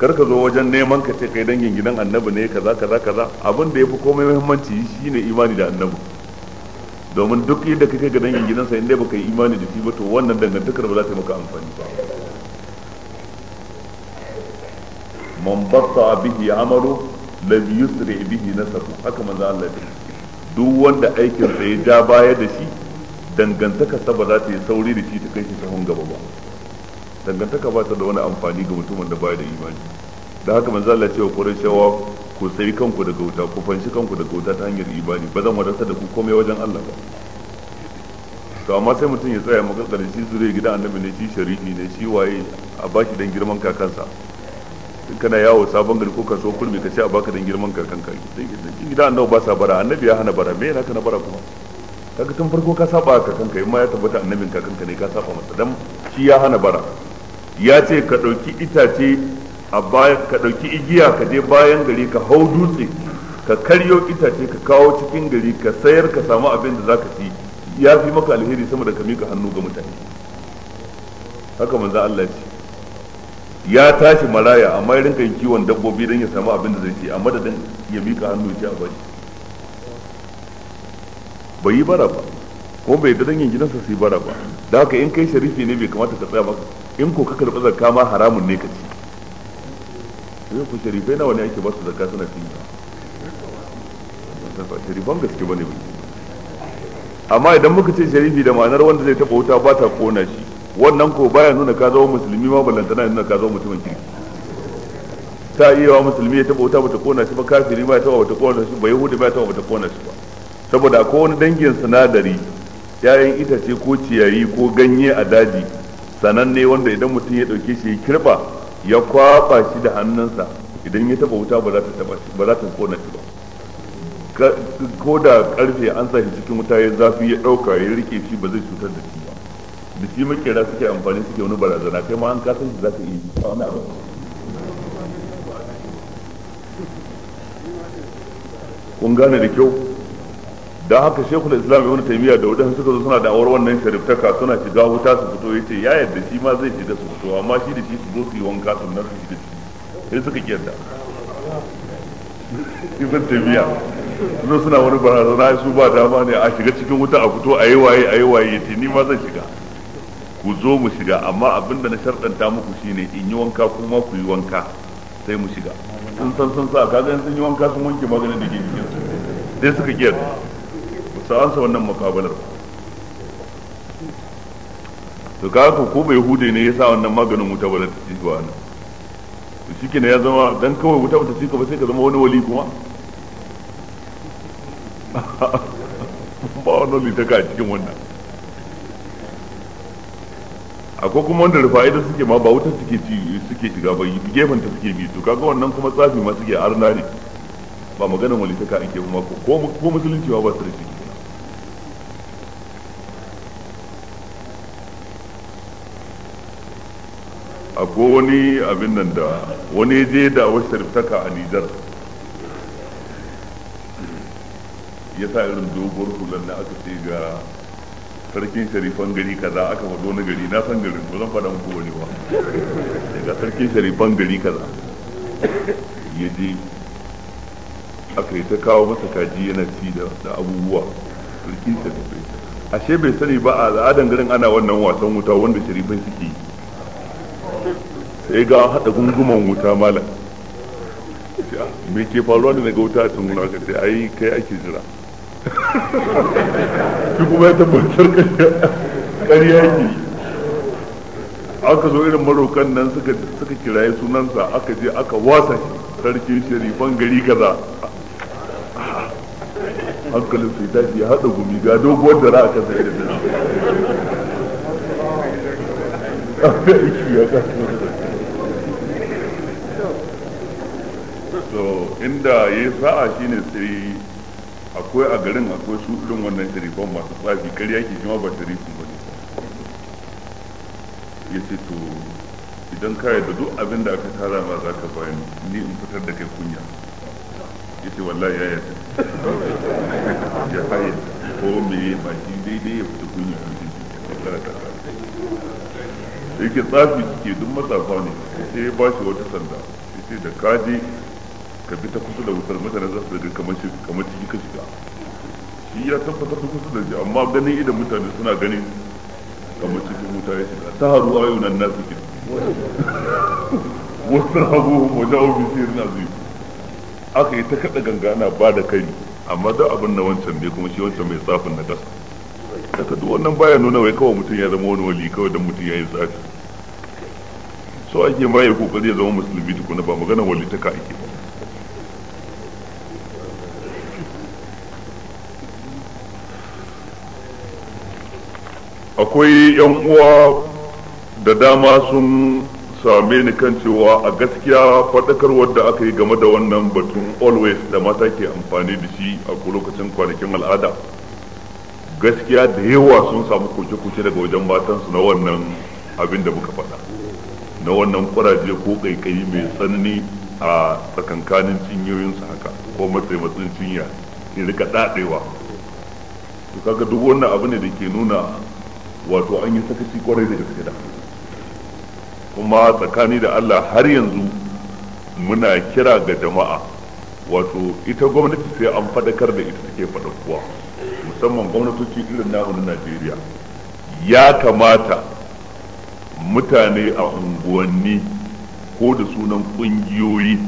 kar ka zo wajen neman ka ce kai dangin gidan annabi ne kaza kaza kaza abin da yafi komai muhimmanci shine imani da annabi domin duk yadda kake ga dangin gidansa in inda baka yi imani da shi ba to wannan dangantakar ba za ta maka amfani ba man batta bihi amaru lam yusri bihi nasabu haka manzo Allah ya duk wanda aikin sa ya ja baya da shi dangantaka sa ba za ta yi sauri da shi ta kai shi sahun gaba ba dangantaka ba ta da wani amfani ga mutumin da baya da imani da haka manzo Allah ce wa Qurayshawa ku sai kanku daga wuta ku fanshi kanku daga wuta ta hanyar imani ba zan wadanta da ku komai wajen Allah ba to amma sai mutum ya tsaya maka shi zure gidan annabi ne shi sharifi ne shi waye a baki dan girman kakansa kana yawo sabon gari ko kaso kurmi ka ce a baka dan girman kakanka gidan annabi ba sa bara annabi ya hana bara me yana kana bara kuma kaga tun farko ka saba kakanka yamma ya tabbata annabin kakanka ne ka saba masa dan shi ya hana bara ya ce ka ɗauki itace a bayan ka ɗauki igiya ka je bayan gari ka hau dutse ka karyo itace ka kawo cikin gari ka sayar ka samu abin da zaka ci ya fi maka alheri sama da ka mika hannu ga mutane haka manzo Allah ce ya tashi maraya amma ya rinka yin kiwon dabbobi don ya samu abin da zai ci a madadin ya mika hannu ya a bari bai yi bara ba ko bai da dangin gidansa su yi bara ba da haka in kai sharifi ne bai kamata ka tsaya maka in ko ka karɓi zakka ma haramun ne ka ci sai ku sharifai nawa ne ake ba su zakka suna cin ba sharifan gaske ne ba amma idan muka ce sharifi da ma'anar wanda zai taɓa wuta ba ta kona shi wannan ko baya nuna ka zama musulmi ma na nuna ka zama mutumin kirki ta iya wa musulmi ya taɓa wuta ba ta kona shi ba kafiri ba ya taɓa ba ta kona shi ba yahudi ba ya taɓa ba ta kona shi ba saboda akwai wani dangin sinadari 'ya'yan itace ko ciyayi ko ganye a daji sananne wanda idan mutum ya dauke shi ya kirba ya kwaba shi da hannunsa idan ya taba wuta ba za ta taba ba kona shi ba ko da karfe an sa shi cikin wuta ya zafi ya dauka ya rike shi ba zai cutar da shi ba da shi makera suke amfani suke wani barazana kai ma an ka san shi za ka yi wani kun gane da kyau don haka shekul islam ibn taymiya da wadansu suka zo suna da awar wannan shariftaka suna shiga wuta su fito yace ya yadda shi ma zai shiga su fito amma shi da shi su zo su yi wanka sannan su shiga sai suka kiyarda ibn taymiya zo suna wani barazana su ba dama ne a shiga cikin wuta a fito a yi waye a yi waye yace ni ma zan shiga ku zo mu shiga amma abin da na sharɗanta muku shine in yi wanka kuma ku yi wanka sai mu shiga sun san sun sa kaga sun yi wanka sun wanke maganin da ke jikin su sai suka kiyarda sa ansa wannan mukabalar su ka ko ko bai hude ne sa wannan maganin wuta ba ta ci zuwa nan to shike ne ya zama dan kawai wuta ba ta ci ka ba sai ka zama wani wali kuma ba wani wali ta ka cikin wannan akwai kuma wanda rufa'i da suke ma ba wutar suke ci suke shiga ba gefen ta suke bi to kaga wannan kuma tsafi ma suke arna ne ba maganin wali ta ka ake kuma ko musulunci ba ba su da shi ko wani abin nan da wani je da wasu sharftaka a Nijar ya sa irin doguwar hular na aka ce ga sarkin sharifan gari kaza aka faɗo na gari na san garin ba zan faɗa muku wani ba daga sarkin sharifan gari kaza ya je aka yi ta kawo masa kaji yana ci da abubuwa sarkin sharifai ashe bai sani ba a al'adan garin ana wannan wasan wuta wanda sharifai suke yi sai ga hada gunguman wuta malam me ke faruwa ne daga wuta a can ka sai ai kai ake jira shi kuma ya tabbatar ƙarya ke aka zo irin marokan nan suka kiraye sunansa aka je aka wasa shi sarki sharifan gari kaza hankalin sai tashi ya haɗa gumi ga doguwar da ra'a a sai da shi ya kasa so inda ya yi sa'a shi ne sai akwai a garin akwai su irin wannan sharifan masu tsafi karya shi ma ba sharifin ba ne ya ce to idan ka da duk abin da aka tara ma za ka bayan ni in fitar da kai kunya ya ce wallahi ya yi ya haye ko me ba shi daidai ya fita kunya a cikin yake tsafi ke duk matsafa ne sai ya ba shi wata sanda ya ce da kaji ka bi ta kusa da wutar mutane za su daga kamar kamar ciki ka shiga shi ya tabbatar da kusa da shi amma ganin idan mutane suna ganin kamar cikin wuta ya shiga ta haru ayyunan nasu ke wasu abubuwan wajen ofisiyar yana zuwa aka yi ta kaɗa gangana ba da kai amma da abin na wancan ne kuma shi wancan mai tsafin na gas. daga duk wannan baya nuna wai kawai mutum ya zama wani wali kawai don mutum ya yi tsafi so ake ma ya kokari ya zama musulmi tukuna ba magana wali ta ka ake akwai yan uwa da dama sun same ni kan cewa a gaskiya faɗakarwar da aka yi game da wannan batun always da mata ke amfani da shi a lokacin kwanakin al'ada gaskiya da yawa sun samu kuce-kuce daga wajen matansu na wannan abin da muka faɗa na wannan kuraje ko ƙaiƙayi mai tsanani a tsakankanin cinyoyinsu haka ko matsayin cinya ke rika daɗewa to kaga duk wannan abu ne da ke nuna wato an yi sakaci kwarai da gaske da kuma tsakani da Allah har yanzu muna kira ga jama'a wato ita gwamnati sai an fadakar da ita take fadakuwa musamman gwamnatoci irin namu na Najeriya ya kamata mutane a unguwanni ko da sunan kungiyoyi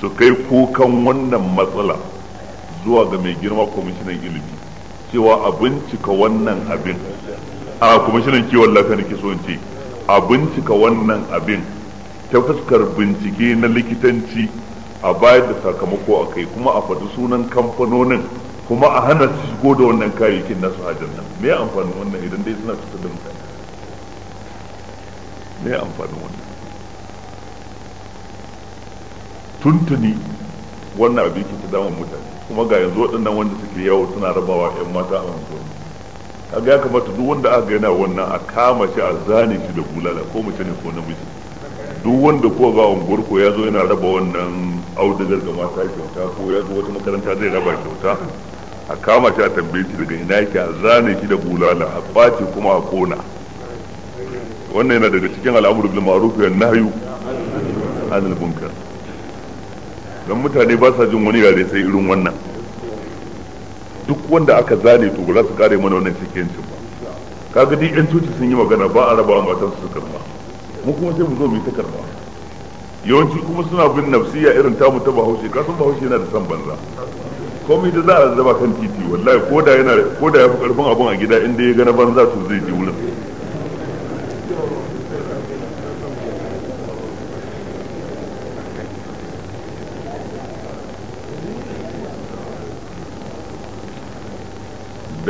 su kai kukan wannan matsala zuwa ga mai girma kwamishinan ilimi cewa a bincika wannan abin a kuma shirin kiwon lafiya nake so in ce a bincika wannan abin ta fuskar bincike na likitanci a bayar da sakamako a kai kuma a faɗi sunan kamfanonin kuma a hana su shigo da wannan kayayyakin nasu hajjar nan me ya amfanin wannan idan dai suna fitar da mutane me ya amfanin wannan tuntuni wannan abin ke ta damar mutane kuma ga yanzu waɗannan wanda suke yawo suna rabawa 'yan mata a wanzuwa kaga ya kamata duk wanda aka ga yana wannan a kama shi a zane shi da bulala ko mace ne ko namiji duk wanda ko ga unguwar ko ya zo yana raba wannan audugar ga mata kyauta ko ya zo wata makaranta zai raba kyauta a kama shi a tambaye shi daga ina yake a zane shi da bulala a kwace kuma a kona wannan yana daga cikin al'amuru bil ma'ruf ya nahyu anil munkar dan mutane ba sa jin wani yare sai irin wannan duk wanda aka zane to ba za su kare mana wannan cikin ba kaga duk yan coci sun yi magana ba a wa matan su karba mu kuma sai mu zo mu yi ta karba yawanci kuma suna bin nafsiya irin tamu ta bahaushe ka san bahaushe yana da san banza komai da za a zaba kan titi wallahi ko da yana ko da ya fi karfin abun a gida inda ya ga na banza to zai ji wurin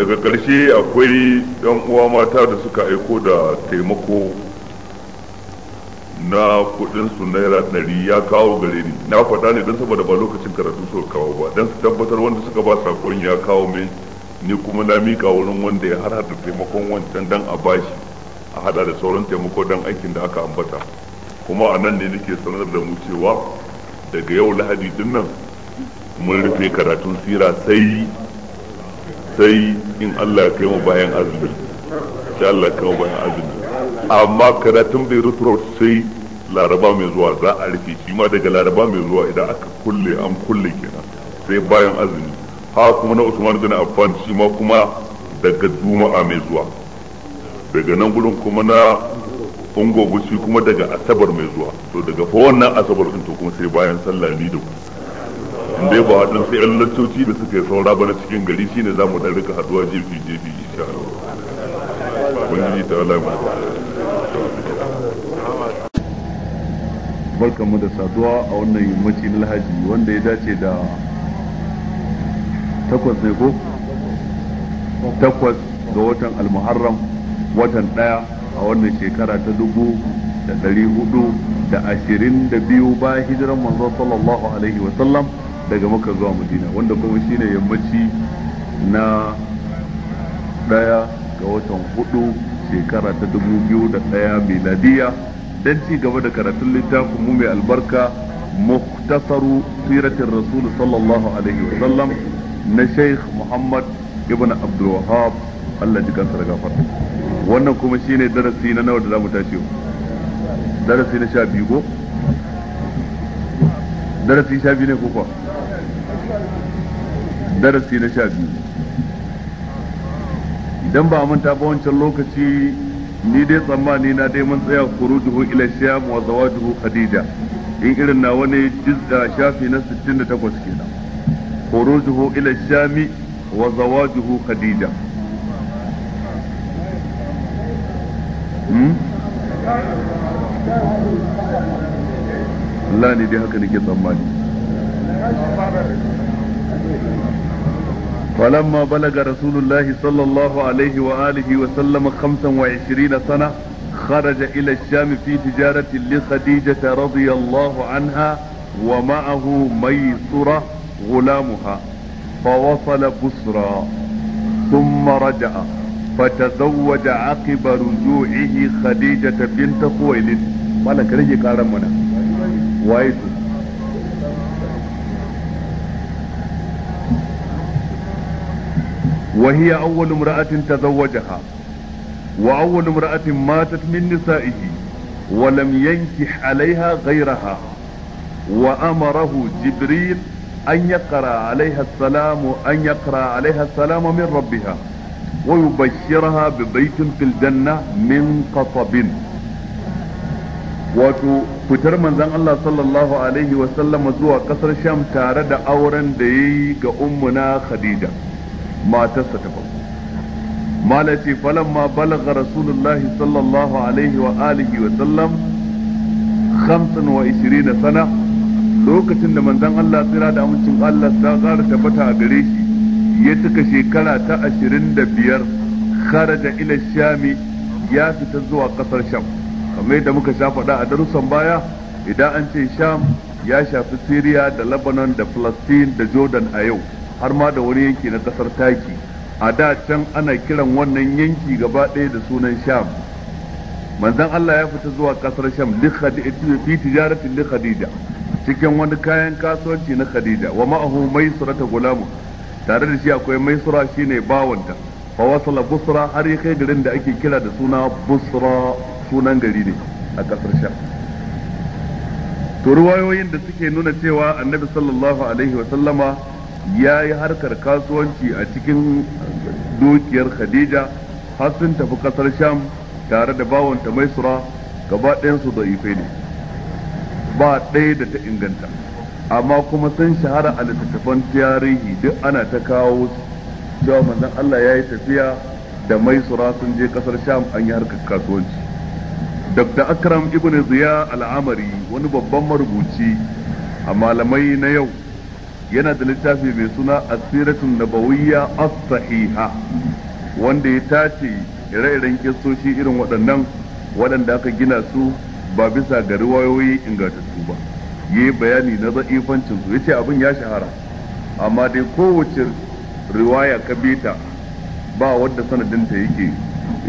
daga ƙarshe akwai ɗan uwa mata da suka aiko da taimako na kudin su naira ɗari ya kawo gare ni na faɗa ne don saboda ba lokacin karatu su kawo ba don su tabbatar wanda suka ba saƙon ya kawo min ni kuma na mika wurin wanda ya harhar da taimakon wancan dan a bashi a haɗa da sauran taimako dan aikin da aka ambata kuma a nan ne nake sanar da mu cewa daga yau lahadi din nan mun rufe karatun sira sai sai in Allah ya kai mu bayan azumi sai Allah ya kai mu bayan azumi amma karatun bai Road sai laraba mai zuwa za a rufe shi ma daga laraba mai zuwa idan aka kulle an kulle kenan sai bayan azumi ha kuma na Usman bin Affan shi ma kuma daga juma'a mai zuwa daga nan gurin kuma na ungogushi kuma daga asabar mai zuwa to daga fa wannan asabar din to kuma sai bayan sallah ni da ku in dai ba waɗansu yan lantoci da suka yi saura ba na cikin gari shine za mu ɗan rika haɗuwa jefi jefi insha Allah ji ta Allah mu barkan mu da saduwa a wannan yammaci na lahaji wanda ya dace da takwas ne ko takwas ga watan almuharram watan ɗaya a wannan shekara ta dubu da ɗari hudu da ashirin da biyu bayan hijiran manzon sallallahu alaihi wasallam daga makka zuwa madina wanda kuma shine yammaci na daya ga watan hudu shekara ta dubu biyu da daya miladiya don ci gaba da karatun littafin mu mai albarka muktasaru siratin rasulu sallallahu alaihi wa sallam na sheikh muhammad ibn abdul wahab allah ji kansa da gafarta wannan kuma shine darasi na nawa da zamu tashi darasi na sha biyu ko darasi sha biyu ne ko kuwa darasi na sha biyu idan ba manta ba wancan lokaci ni dai tsammani na dai mun tsaya duhu ila sham wa zawajuhu khadija in irin na wani jizda shafi na 68 kuru duhu ila shami wa zawajuhu khadija hmm? Allah ne dai haka nake tsammani فلما بلغ رسول الله صلى الله عليه وآله وسلم خمسا وعشرين سنة خرج إلى الشام في تجارة لخديجة رضي الله عنها ومعه ميسرة غلامها فوصل بصرى ثم رجع فتزوج عقب رجوعه خديجة بنت خويلد مالك رجي كارمنا وايتو wa hiya awwalu imra'atin tazawwajaha wa awwalu imra'atin matat min nisa'ihi wa lam yankih 'alayha ghayraha wa amarahu jibril an yaqra 'alayha salamu an 'alayha ويبشرها ببيت في الجنة من قصب wato fitar manzon Allah sallallahu alaihi wasallama zuwa kasar Sham tare da auren da ya yi ga ummuna Khadija matarsa ta farko mala ce falamma balagha rasulullahi sallallahu alaihi wa alihi wa sallam da sana lokacin da manzon Allah tsira da amincin Allah ta ƙara tabbata a gare shi ya cika shekara ta da biyar kharaja ila shami ya fita zuwa kasar sham kamar yadda muka sha faɗa a darussan baya idan an ce sham ya shafi Syria da Lebanon da Palestine da Jordan a yau har ma da wani yanki na kasar taki a da can ana kiran wannan yanki gaba ɗaya da sunan sham manzon Allah ya fita zuwa kasar sham fi tijaratin li khadija cikin wani kayan kasuwanci na khadija wa ma'ahu surata gulamu tare da shi akwai mai shi shine bawanta fa wasala busra har ya kai garin da ake kira da suna busra sunan gari ne a kasar sham to ruwayoyin da suke nuna cewa annabi sallallahu alaihi wa sallama ya yi harkar kasuwanci a cikin dukiyar khadija har sun tafi kasar sham tare da bawanta maisura gaba ɗayansu da ife ne ba ɗaya da ta inganta amma kuma sun shahara a littattafan tarihi duk ana ta kawo cewa manzon Allah ya yi tafiya da mai sura sun je kasar sham an yi harkar kasuwanci dr akram ibn ziya al'amari wani babban marubuci a malamai na yau yana da littafi mai suna asiratun nabawiyya as-sahiha wanda ya tace ire-iren kissoshi irin waɗannan waɗanda aka gina su ba bisa ga riwayoyi ingantattu ba yi bayani na za'ifancin su yace abin ya shahara amma dai kowace riwaya ka beta ba wadda sanadinta yake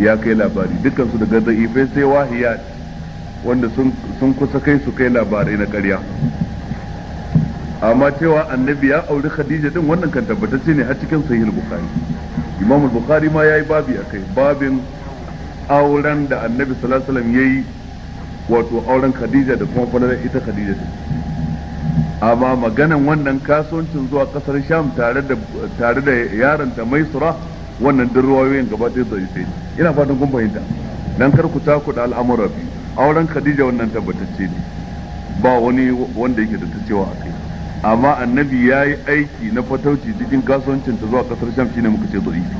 ya kai labari dukkan su daga za'ifai sai wahiyat wanda sun kusa kai su kai labarai na karya. amma cewa annabi ya auri khadija din wannan kan tabbatacce ne har cikin sahih bukhari imam bukhari ma yayi babi akai babin auren da annabi sallallahu alaihi wasallam yayi wato auren khadija da kuma falalar ita khadija din amma maganan wannan kasuwancin zuwa kasar sham tare da tare da yaron ta maisura wannan duk ruwayoyin gaba ɗaya da sai ina fatan kun fahimta dan kar ku takuda al'amura bi auren khadija wannan tabbatacce ne ba wani wanda yake da cewa a kai amma annabi ya yi aiki na fatauci cikin kasuwancin ta zuwa kasar sham shine muka ce da'ifi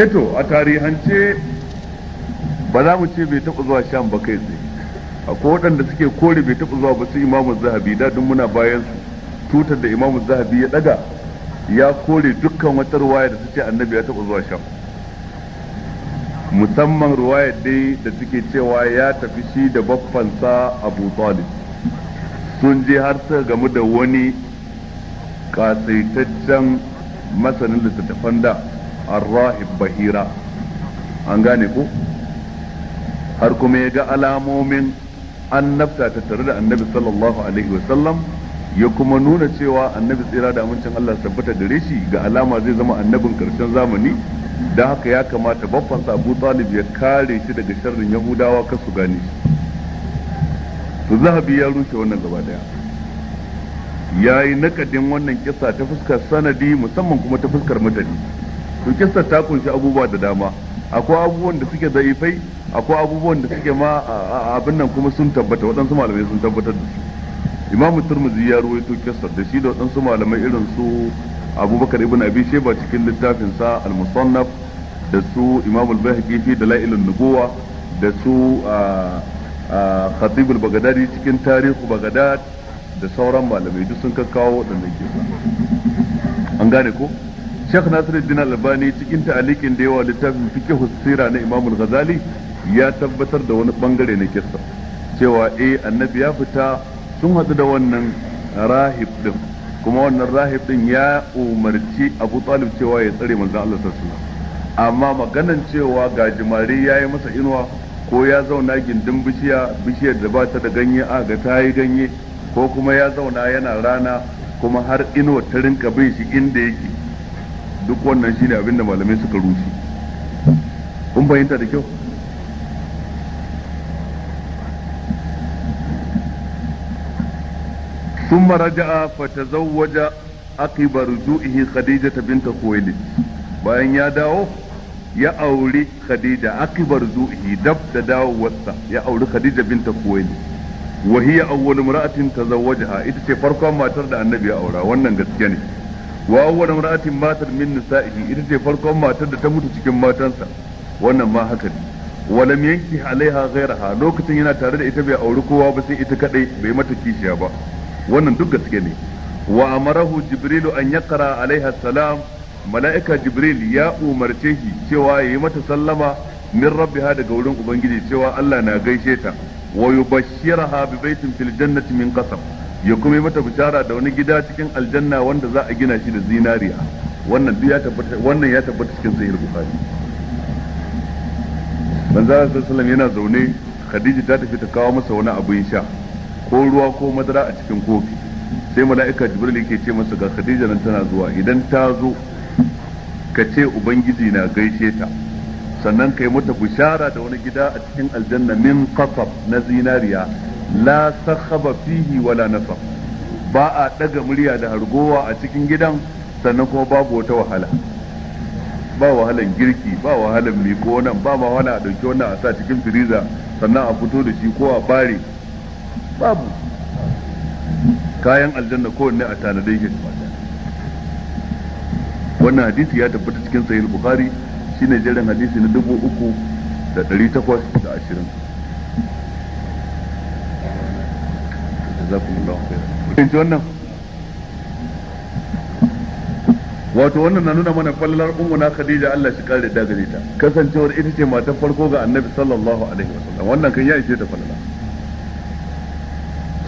eto a tarihance ba za mu ce bai taɓa zuwa sham ba kai tsaye ko waɗanda suke kore bai taɓa zuwa ba su imamu zahabi da duk muna bayan su tutar da imamu zahabi ya ɗaga ya kore dukkan wata ruwaya da su ce annabi ya taɓa zuwa sham musamman ruwayar dai da suke cewa ya tafi shi da baffansa abu talib sun je har suka gamu da wani katsaitaccen masanin littattafan da arrahib bahira an gane ku har kuma ya ga alamomin annabta ta tare da annabi sallallahu alaihi wasallam ya kuma nuna cewa annabi tsira da amincin Allah tabbata gare shi ga alama zai zama annabin karshen zamani don haka ya kamata babbansa abu talib ya kare shi daga sharrin yahudawa ka su gane shi su zahabi ya rushe wannan gaba daya ya yi nakadin wannan kisa ta fuskar sanadi musamman kuma ta fuskar mutane to kisa ta kunshi abubuwa da dama akwai abubuwan da suke zaifai akwai abubuwan da suke ma abin nan kuma sun tabbata waɗansu malamai sun tabbatar da su imamu turmuzi ya ruwaito kissa da shi da waɗansu malamai irin su abubakar ibn abi sheba cikin littafin sa al-musannaf da su imam al-bahqi fi dalailun nubuwa da su khatib al-baghdadi cikin tarihu baghdad da sauran malamai duk sun kakkawo waɗannan sa. an gane ko Sheikh Nasiruddin Albani cikin ta'alikin da yawa littafin fiqh sira na Imam al-Ghazali ya tabbatar da wani bangare na kissa cewa eh annabi ya fita sun haɗu da wannan rahib din kuma wannan rahib ɗin ya umarci abu talib cewa ya tsare manzan Allah sassuna amma maganan cewa ga jimare ya yi masa inuwa ko ya zauna gindin bishiya bishiyar da bata da ganye a ga ta yi ganye ko kuma ya zauna yana rana kuma har inuwa ta rinka bin shi inda yake duk wannan shine abinda malamai suka rushe kun fahimta da kyau ثم رجع فتزوج عقب رجوعه خديجة بنت خويلد bayan ya dawo ya auri Khadija akibar zuhi dab da dawowarsa ya auri Khadija binta Kuwaili wa hiya ita ce farkon matar da Annabi ya wannan gaskiya ne wa awwal imra'atin matar min nisa'ihi ita ce farkon matar da ta mutu cikin matansa wannan ma haka ne wa yanki alaiha ghairaha lokacin yana tare da ita bai auri kowa ba sai ita kadai bai mata kishiya ba wannan duk gaske ne wa amarahu jibrilu an yaqra alaiha salam mala'ika jibril ya umarce shi cewa yayi mata sallama min rabbiha daga wurin ubangiji cewa Allah na gaishe ta wa yubashshiraha bi baitin fil jannati min qasam ya kuma mata bishara da wani gida cikin aljanna wanda za a gina shi da zinariya wannan ya tabbata wannan ya tabbata cikin sahih bukhari manzo sallallahu alaihi wasallam yana zaune khadija ta tafi ta kawo masa wani abin sha ko ruwa ko madara a cikin kofi sai mala'ika jibril yake ce masa ga khadija nan tana zuwa idan ta zo ka ce ubangiji na gaishe ta sannan kai mata bishara da wani gida a cikin aljanna min qasab na zinariya la sakhaba fihi wala nafa ba a daga murya da hargowa a cikin gidan sannan kuma babu wata wahala ba wahalan girki ba wahalan miko nan ba ma wahala a dauki wannan a sa cikin firiza sannan a fito da shi ko a bare babu kayan aljanna kowanne a tanadai yake wannan hadisi ya tabbata cikin sahih bukhari shine jerin hadisi na dubu uku da ɗari takwas da ashirin fahimci wannan wato wannan na nuna mana fallar na khadija Allah shi kare da gare ta kasancewar ita ce matan farko ga annabi sallallahu alaihi wasallam wannan kan ya ishe ta falala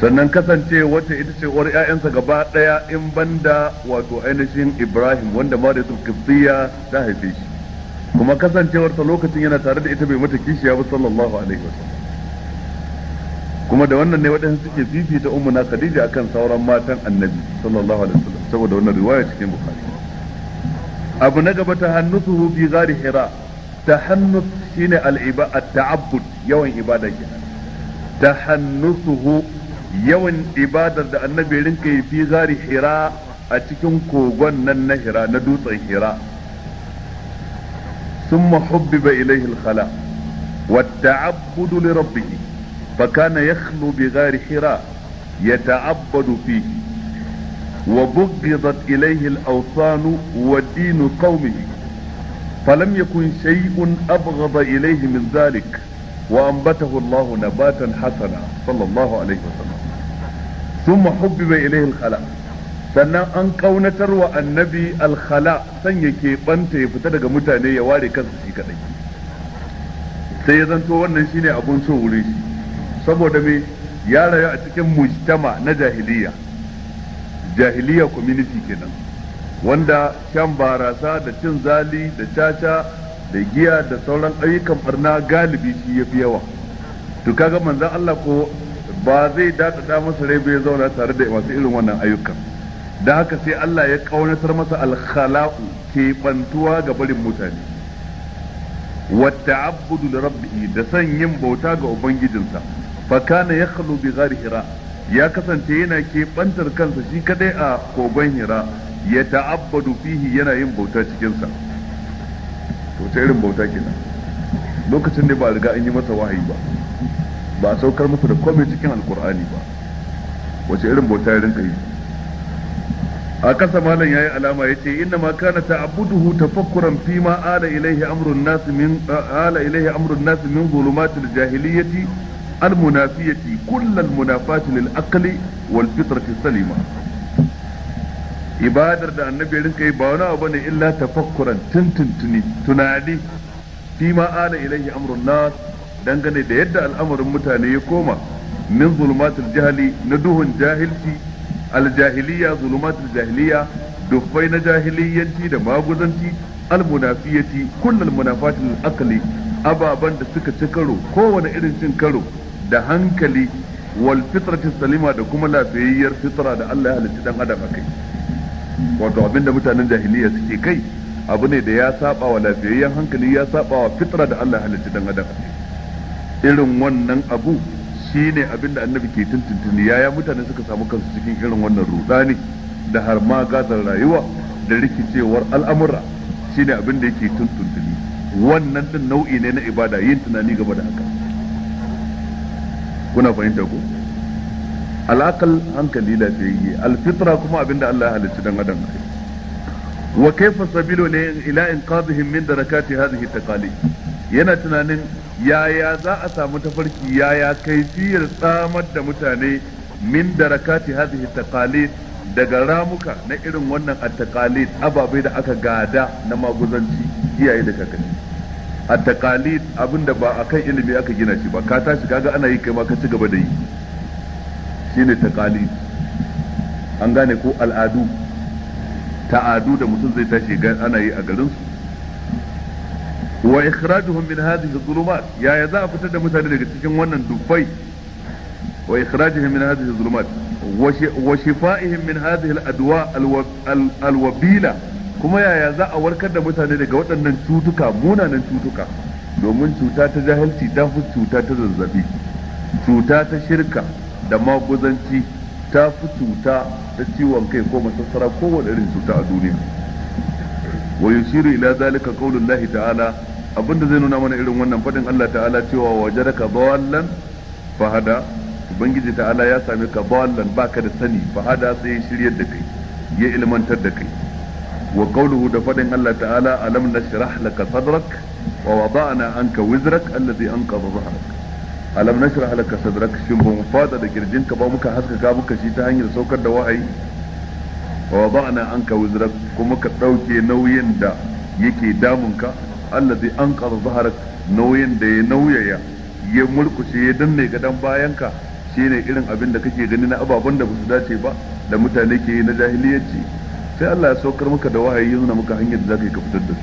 sannan kasance wacce ita ce uwar ƴaƴansa gaba ɗaya in banda wato ainihin Ibrahim wanda Maryatul Qibtiyya ta haife shi kuma kasancewarsa lokacin yana tare da ita bai mata kishiya ba sallallahu alaihi wasallam kuma da wannan ne waɗansu suke fifita na Khadija akan sauran matan Annabi sallallahu alaihi wasallam saboda wannan riwaya cikin Bukhari abu na gaba ta hannusuhu bi gari hira ta hannus shine al-iba taabbud yawan ibada kenan ta hannusuhu yawan ibadar da annabi rinka yi fi zari hira a cikin kogon nan na hira na dutsen hira sun mahubbiba ilaihi alkhala wata abudu li rabbihi fa kana yakhlu bi zari hira ya ta'abbadu fi wa bughidat ilaihi al wa dinu qaumihi فلم يكن Sun hubbiba ilayhi khala sannan an kaunatar wa annabi alkhala sanya ke banta ya fita daga mutane ya ware kansa shi kadai sai ya zanto wannan shine abun so wuri shi saboda me ya rayu a cikin mujtama na jahiliya jahiliya community kenan wanda shan barasa da cin zali da caca da giya da sauran ayyukan barna galibi shi ya fi yawa to kaga manzon Allah ko ba zai dadada masa rai bai zauna tare da masu irin wannan ayyukan da haka sai Allah ya kaunatar masa alkhala'u ke bantuwa ga barin mutane abudu da rabbihi da son yin bauta ga ubangijinsa fa ya yakhlu bi ghari hira ya kasance yana ke kansa shi kadai a koban hira ya ta'abbadu fihi yana yin bauta cikinsa to ta irin bauta kenan lokacin da ba riga an yi masa wahayi ba ba a saukar muku da komai cikin alkur'ani ba wace irin bauta ya rinka yi a kasa malam yayi alama yace inna ma kana ta'buduhu tafakkuran fi ma ala ilaihi amrun nas min ala ilaihi amrun nas min zulumatil jahiliyyati almunafiyati kull munafati lil aqli wal fitrati salima ibadar da annabi rinka yi ba wani abu ne illa tafakkuran tuntuntuni tunani fi ma ala ilaihi amrun nas dangane da yadda al'amarin mutane ya koma min zulumatul jahili na duhun jahilci aljahiliya zulumatul jahiliya duffai na jahiliyanci da maguzanci almunafiyati kullal munafatil akali ababan da suka ci karo kowane irin cin karo da hankali wal fitrati salima da kuma lafiyayyar fitra da Allah ya halitta dan adam akai wato abinda mutanen jahiliya suke kai abu ne da ya saba wa lafiyayyen hankali ya saba wa fitra da Allah ya halitta dan adam irin wannan abu shine abin da annabi ke tuntuntuni yaya mutane suka samu kansu cikin irin wannan rudani da har ma gadar rayuwa da rikicewar al'amura shine abin da yake tuntuntuni wannan din nau'i ne na ibada yin tunani gaba da haka kuna fahimta ko alakal hankali lafiyayye alfitra kuma abin da Allah ya halicci dan adam kai wa kaifa sabilu ila inqadhihim min darakati hadhihi taqalid yana tunanin yaya za a samu tafarki yaya kaifiyar tsamar da mutane min darakati hadhihi taqalid daga ramuka na irin wannan at-taqalid ababai da aka gada na maguzanci iyaye da kakanni at-taqalid abinda ba a kan ilimi aka gina shi ba ka tashi kaga ana yi kai ma ka ci gaba da yi shine taqalid an gane ko al'adu ta'adu da mutum zai tashi ana yi a garinsu wa ikhrajuhum min hadhihi dhulumat yaya za a fitar da mutane daga cikin wannan dubbai wa ikhrajuhum min hadhihi dhulumat wa shifaihim min hadhihi al-adwa al-wabila kuma yaya za a warkar da mutane daga waɗannan cutuka munanan cutuka domin cuta ta jahilci ta fi cuta ta zazzabi cuta ta shirka da maguzanci ta fi cuta ta ciwon kai ko masassara wani irin cuta a duniya wa yushiru ila zalika qaulullahi ta'ala da zai nuna mana irin wannan faɗin Allah ta'ala cewa wajen wajadaka dawallan fahada ubangiji ta'ala ya same ka ba ka da sani fahada sai ya shiryar da kai ya ilmantar da kai wa qawluhu da faɗin Allah ta'ala alam nashrah laka sadrak wa wada'na anka wizrak alladhi anqadha dhahrak alam nashrah laka sadrak shin ba mu fada da kirjinka ba muka haskaka muka shi ta hanyar saukar da wahayi wa an ka wizrak kuma ka ɗauke nauyin da yake damunka allazi ƙasa dhahrak nauyin da ya nauyaya ya murkushe ya danne gadan bayanka shine irin abin da kake gani na ababen da basu dace ba da mutane ke yi na jahiliyanci sai Allah ya saukar maka da wahayi ya nuna maka hanyar da ka yi ka fitar da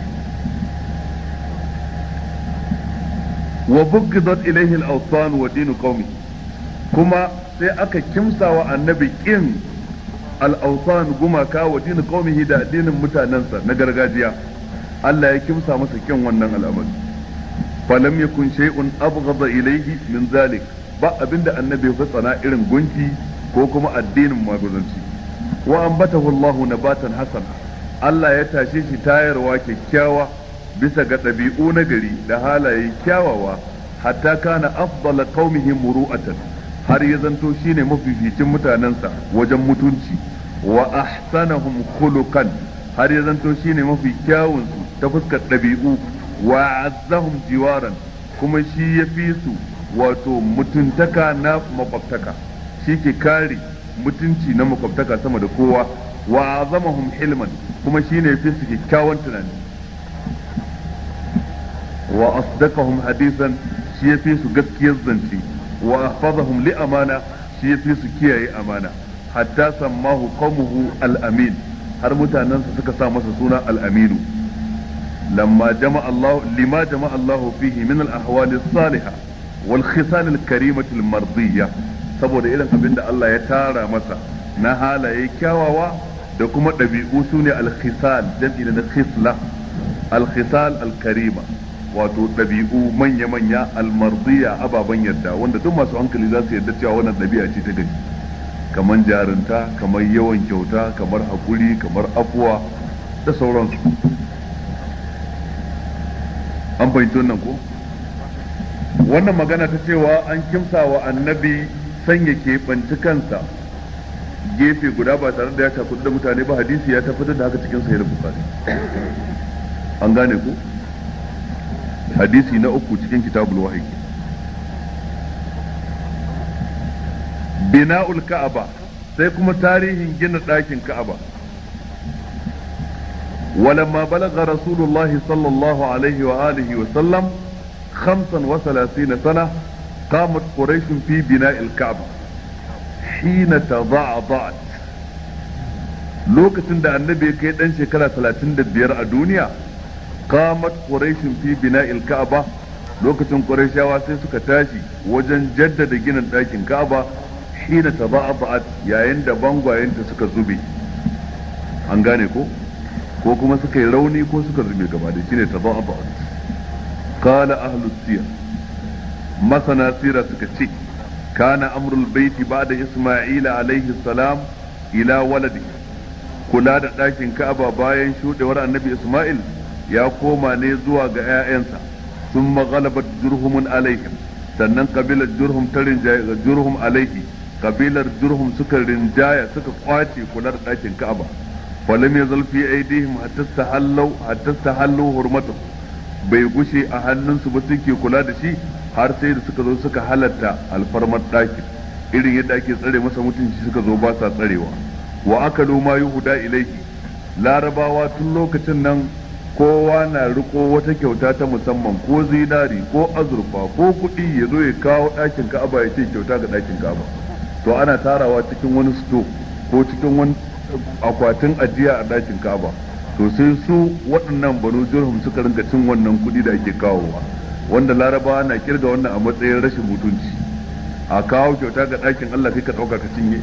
su wa bughidat ilayhi al-awtan wa dinu qaumi kuma sai aka kimsawa annabi kin al-awtan gumaka wa dinu qaumihi da addinin mutanansa na gargajiya Allah ya kimsa masa kyan wannan al'amari falam yakun shay'un abghadha ilayhi min zalik ba abinda annabi ya tsana irin gunki ko kuma addinin maguzanci wa ambatahu na nabatan hasan Allah ya tashe shi tayarwa kyakkyawa bisa ga ɗabi'u na gari da halaye kyawawa hatta kana afdala qaumihi muru'atan har ya zanto shine mafificin mutanensa wajen mutunci wa ahsanahum khuluqan har ya zanto shine mafi kyawun su ta fuskar ɗabi'u wa azzahum jiwaran kuma shi ya fi su wato mutuntaka na makwabtaka shi ke kare mutunci na makwabtaka sama da kowa wa azamahum ilman kuma shi ne fi su kyakkyawan tunani wa asdaqahum hadisan shi ya fi su gaskiyar zance wa ahfazahum li amana shi ya fi su kiyaye amana hatta sammahu qaumuhu al-amin har mutanansa suka sa masa suna al-aminu لما جمع الله لما جمع الله فيه من الأحوال الصالحة والخصال الكريمة saboda irin abin da Allah ya tara masa na halaye kyawawa da kuma ɗabi'u su ne alkhisal jam'i na khisla alkhisal alkarima wato ɗabi'u manya-manya almardiya ababen yarda wanda duk masu hankali za su yarda cewa wannan ɗabi'a ce ta gani kamar jarinta kamar yawan kyauta kamar haƙuri kamar afuwa da sauransu an fahimci wannan ko wannan magana ta cewa an kimsa wa annabi sanya banci kansa gefe guda ba tare da ya cakudu da mutane ba hadisi ya tafi da haka cikin sahih bukhari an gane ku hadisi na uku cikin kitabul wahyi bina'ul ka'aba sai kuma tarihin gina ɗakin ka'aba ولما بلغ رسول الله صلى الله عليه وآله وسلم خمسا وثلاثين سنة قامت قريش في بناء الكعبة حين تضعضعت lokacin da annabi ya kai ɗan shekara biyar a duniya qamat quraishin fi bina'il lokacin quraishawa sai suka tashi wajen jaddada ginin ɗakin ka'aba hina taba'at yayin da bangwayenta suka zube an gane ko ko kuma suka yi rauni ko suka zube gaba da shine tada'afa qala ahlus siyar masana sira suka ce kana amrul baiti ba'da isma'ila alaihi salam ila waladi kula da ɗakin ka'aba bayan shudewar annabi isma'il ya koma ne zuwa ga 'ya'yansa sun maghalabat jurhumun alaihim sannan kabilar jurhum ta rinjaya jurhum alaihi kabilar jurhum suka rinjaya suka kwace kula da ɗakin ka'aba falam yazal fi aidihim hatta tahallu hatta tahallu hurmatu bai gushe a hannunsu ba suke kula da shi har sai da suka zo suka halarta alfarmar ɗakin irin yadda ake tsare masa mutunci suka zo ba sa tsarewa wa aka ma yuhuda ilaihi larabawa tun lokacin nan kowa na riko wata kyauta ta musamman ko zinari ko azurfa ko kuɗi ya zo ya kawo ɗakin ka'aba ya ce kyauta ga ɗakin ka'aba to ana tarawa cikin wani sto ko cikin wani akwatin ajiya a ɗakin kaba to sai su waɗannan banu jirhum suka rinka cin wannan kuɗi da ake kawowa wanda larabawa na kirga wannan a matsayin rashin mutunci a kawo kyauta ga ɗakin Allah kai ka ɗauka ka cinye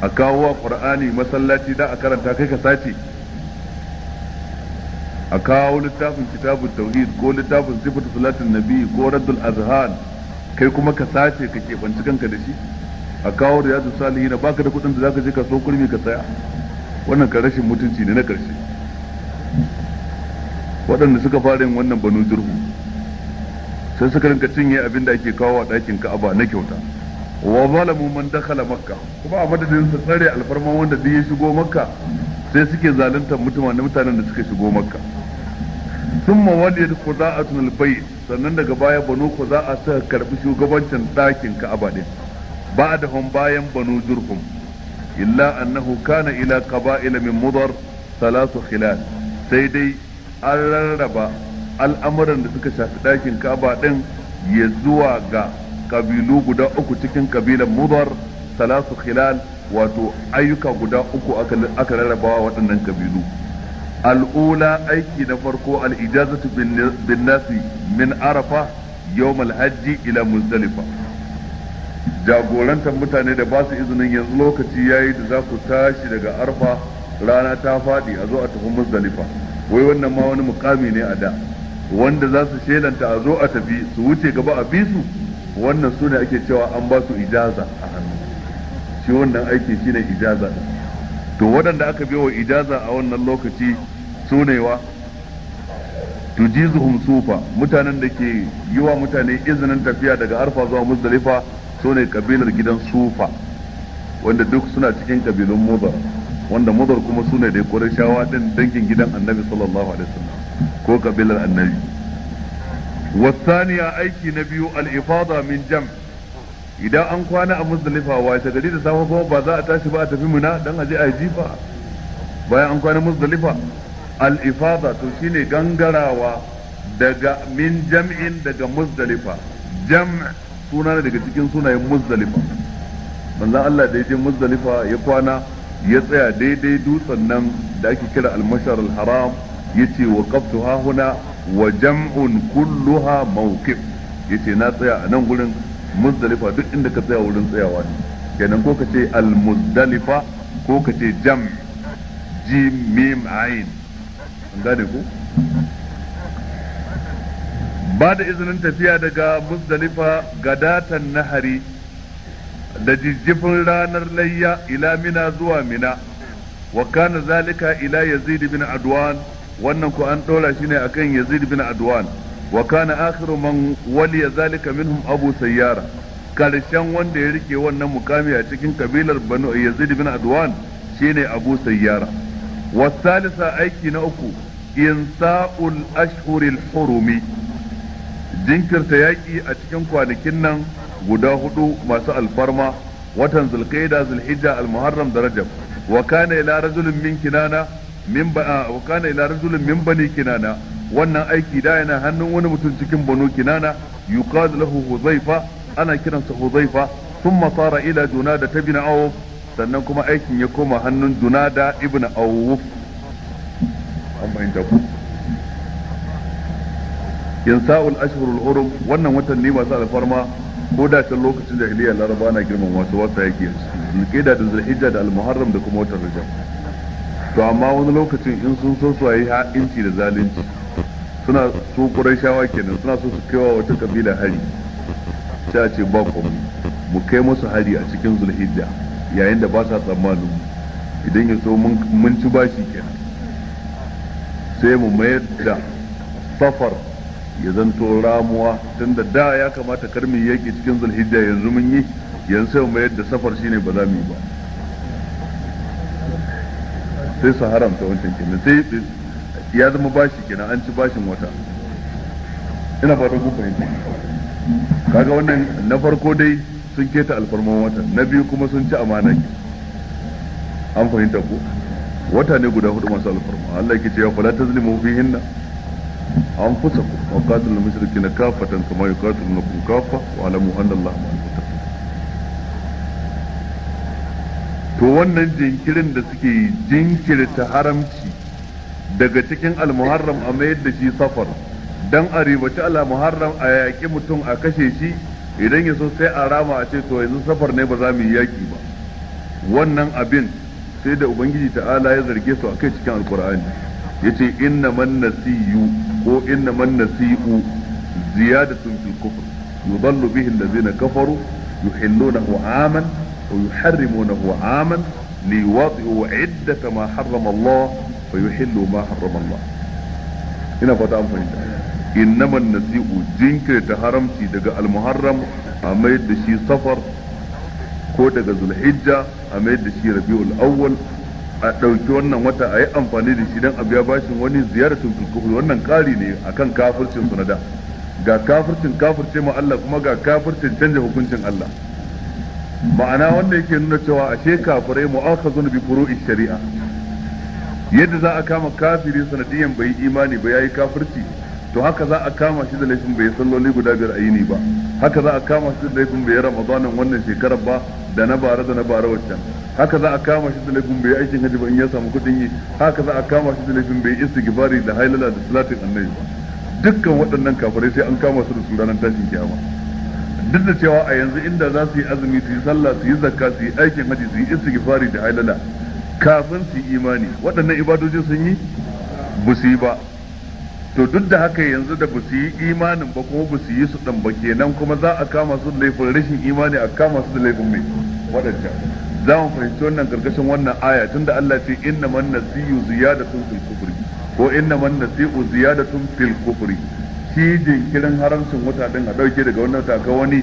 a kawo wa ƙur'ani masallaci da a karanta kai ka sace a kawo littafin kitabun tauhid ko littafin sifatu salatin nabi ko raddul azhan kai kuma ka sace ka keɓanci kanka da shi a kawo da yadu salihin baka da kudin da zaka je ka so kurmi ka saya wannan ka rashin mutunci ne na karshe waɗanda suka fara yin wannan banu jirhu sai suka rinka cinye abin da ake kawo a ɗakin ka'aba na kyauta wa zalamu man dakhala makka kuma a madadin su tsare alfarma wanda duk ya shigo makka sai suke zaluntar mutumin mutanen da suka shigo makka thumma waliyat quda'atun al-bayt sannan daga baya banu quda'a suka karbi shugabancin ɗakin ka'aba din ba'dahum bayan banu jurhum illa annahu kana ila kaba'ilamin min mudar salatu sai dai an rarraba al'amuran da suka shafi ɗakin kaba ɗin ya zuwa ga kabilu guda uku cikin kabilan mudar salatu khilal wato ayyuka guda uku aka rarrabawa waɗannan kabilu al'ula aiki na farko al'ijazatu bin min arafa yawm hajji ila muzdalifa jagorantar mutane da ba su izinin yanzu lokaci ya yi da za ku tashi daga arfa rana ta faɗi a zo a tafi musdalifa wai wannan ma wani mukami ne a da wanda za su shelanta a zo a tafi su wuce gaba a bi su wannan su ne ake cewa an ba su ijaza a hannu shi wannan aiki shi ne ijaza to waɗanda aka biyo wa ijaza a wannan lokaci su ne wa tujizuhum mutanen da ke yi wa mutane izinin tafiya daga arfa zuwa musdalifa su ne kabilar gidan sufa wanda duk suna cikin kabilun mudar wanda mudar kuma su ne da shawa din dangin gidan annabi sallallahu alaihi wasallam ko kabilar annabi wasaniya aiki na biyu al min jam idan an kwana a musdalifa, wa ta gari da safe kuma ba za a tashi ba a tafi muna dan aje a jifa bayan an kwana musdalifa, al to shine gangarawa daga min jam'in daga musdalifa. jam' suna ne daga cikin sunayen muzdalifa manzon Allah da ya je muzdalifa ya kwana ya tsaya daidai dutsen nan da ake kira Almashar al-haram yace wa qaftu ha huna wa jam'un kulluha mawqif ce na tsaya a nan gurin muzdalifa duk inda ka tsaya wurin tsayawa ne kenan ko ka ce al-muzdalifa ko ka ce jam' jim mim ain an gane ko ba da izinin tafiya daga musdalifa datan nahari da jijjifin ranar layya ila mina zuwa mina wa kana zalika ila yazid bin adwan wannan ku an dora shi ne akan yazid bin adwan wa kana akhiru man waliya zalika minhum abu sayyara karshen wanda ya rike wannan mukami a cikin kabilar banu yazid bin adwan shine abu sayyara wasalisa aiki na uku insa'ul ashhuril hurumi jinkirta yaƙi a cikin kwanakin nan guda hudu masu alfarma watan zulqaida zulhijja almuharram da rajab wa kana ila rajulin min kinana min ba wa kana ila rajulin min bani kinana wannan aiki da yana hannun wani mutum cikin banu kinana yuqalu lahu huzaifa ana kiransa huzaifa thumma sara ila junada tabin awf sannan kuma aikin ya koma hannun junada ibn ibin an bayyana insa'ul ashhurul hurum wannan watan ne masu alfarma ko da can lokacin jahiliya laraba na girman wasu wata yake ke da zulhijja da almuharram da kuma watan rajab to amma wani lokacin in sun so su yi ha'inci da zalunci suna su shawa kenan suna so su kaiwa wata kabila hari sai a ce ba mu kai musu hari a cikin zulhijja yayin da ba sa tsammanin idan ya so mun ci bashi kenan sai mu mayar da safar ya zanto ramuwa tun da da ya kamata kar mu cikin zulhijja yanzu mun yi yanzu sai mu yadda safar shine ba za mu yi ba sai su haramta wancan kenan sai ya zama bashi kenan an ci bashin wata ina fatan ku fahimta kaga wannan na farko dai sun keta alfarman wata na biyu kuma sun ci amana an fahimta ku wata ne guda hudu masu alfarma Allah ya ce ya kula tazlimu fihinna أنفسكم وقاتلوا المشركين كافة كما يقاتلونكم كافة واعلموا أن الله مع المتقين to wannan jinkirin da suke ta haramci daga cikin almuharram a mayar da shi safar dan a ribaci Muharram a yaƙi mutum a kashe shi idan ya so sai a rama a ce to yanzu safar ne ba za mu yi yaƙi ba wannan abin sai da ubangiji ta'ala ya zarge su a kai cikin alkur'ani yace inna man nasiyu ko inna man nasi'u ziyadatun fil kufr yudallu bihi allazina kafaru yuhillunahu aman wa yuharrimunahu aman liwati'u iddata ma harrama Allah fa yuhillu ma harrama Allah ina fata an fahimta innaman nasi'u jinkirta haramci daga almuharram a mai da shi safar ko daga zulhijja a mai da shi rabi'ul awwal a ɗauki wannan wata a yi amfani da shi don a biya bashin wani ziyaratun kulkuhu wannan ƙari ne akan kafircin su na da ga kafircin kafirce ma Allah kuma ga kafircin canja hukuncin Allah ma'ana wanda yake nuna cewa ashe kafirai mu'akhazun bi furu'i shari'a yadda za a kama kafiri sanadiyan bai imani ba yayi kafirci to haka za a kama shi da laifin bai salloli guda biyar a yini ba haka za a kama shi da laifin bai ramadanin wannan shekarar ba da na bara da na bara waccan haka za a kama shi da laifin bai aikin hajji ba in ya samu kuɗin yi haka za a kama shi da laifin bai istighfari da hailala da salatin annabi ba dukkan waɗannan kafirai sai an kama su da su ranar tashin kiyama duk da cewa a yanzu inda za su yi azumi su yi sallah su yi zakka su yi aikin hajji su yi istighfari da hailala kafin su yi imani waɗannan ibadoji sun yi busi ba to duk da haka yanzu da ba su yi imanin ba kuma ba su yi su ɗan ba kenan kuma za a kama su da laifin rashin imani a kama su da laifin mai waɗancan za mu fahimci wannan gargashin wannan aya tun da Allah ce inna man nasiyu ziyadatun fil kufri ko inna man nasiyu ziyadatun fil kufri shi jinkirin haramcin wata din a ɗauke daga wannan wata ga wani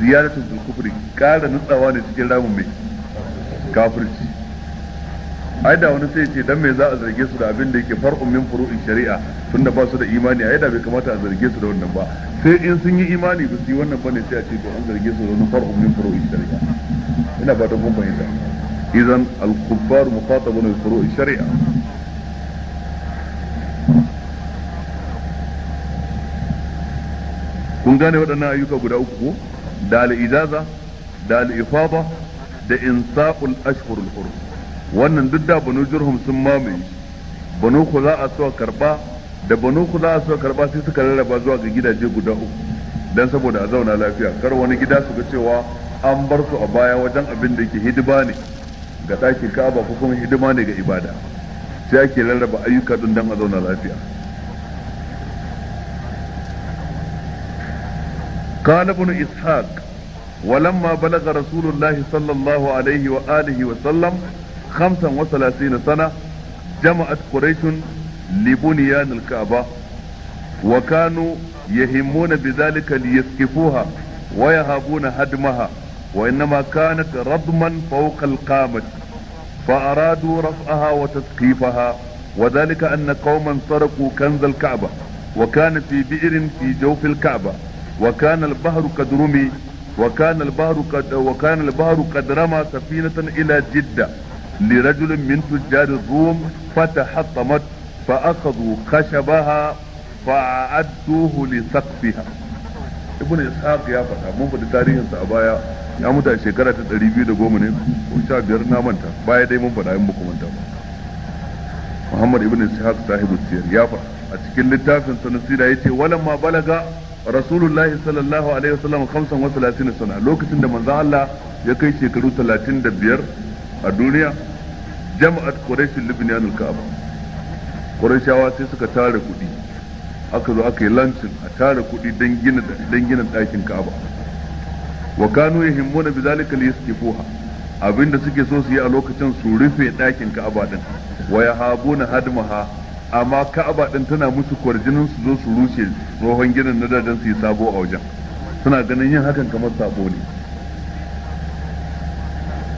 ziyadatun fil kufri ƙara nutsawa ne cikin ramin mai kafirci ai da wani sai ce dan me za a zarge su da abin da yake far'un min furu'in shari'a tunda ba su da imani ai da bai kamata a zarge su da wannan ba sai in sun yi imani ba su yi wannan bane sai a ce to an zarge su da wani far'un min furu'in shari'a ina ba ta kun da idan al-kubbar muqatabun bi furu'in shari'a kun gane waɗannan ayyuka guda uku ko da al-ijaza da al-ifada da insaqul ashhurul hurum wannan duk da banu jurhum sun mamaye banu a suka karba da banu a suka karba sai suka rarraba zuwa ga gidaje guda uku dan saboda a zauna lafiya kar wani gida su ga cewa an bar su a baya wajen abin da yake hidima ne ga ɗakin Ka'aba ko kuma hidima ne ga ibada sai ake rarraba ayyuka din dan a zauna lafiya قال ابن إسحاق ولما بلغ رسول الله صلى الله عليه وآله وسلم خمسا وثلاثين سنة جمعت قريش لبنيان الكعبة وكانوا يهمون بذلك ليسكفوها ويهابون هدمها وإنما كانت رضما فوق القامة فأرادوا رفعها وتسقيفها وذلك أن قوما سرقوا كنز الكعبة وكان في بئر في جوف الكعبة وكان البحر قد رمي وكان البحر قد وكان البحر قد رمى سفينة إلى جدة لرجل من تجار الروم فتحطمت فأخذوا خشبها فأعدوه لسقفها ibn ishaq ya faɗa mun faɗi tarihin a baya ya mutu a shekara ta 210 ne ko 15 na manta baya dai mun faɗa in ba manta Muhammad ibn ishaq sahibu siyar ya faɗa a cikin littafin sa nasira yace walamma balaga rasulullahi sallallahu alaihi wasallam 35 sana lokacin da manzo Allah ya kai shekaru 35 a duniya jama'at quraishin libyan al-ka'aba quraishawa sai suka tara kuɗi aka zo aka yi lancin a tara kuɗi don gina don gina dakin ka'aba wa kanu yahimmuna bizalika liyaskifuha abinda suke so su yi a lokacin su rufe ɗakin ka'aba din wa yahabuna hadmaha amma ka'aba din tana musu kwarjinin su zo su rushe tsohon ginin na dadan su yi sabo a wajen suna ganin yin hakan kamar sabo ne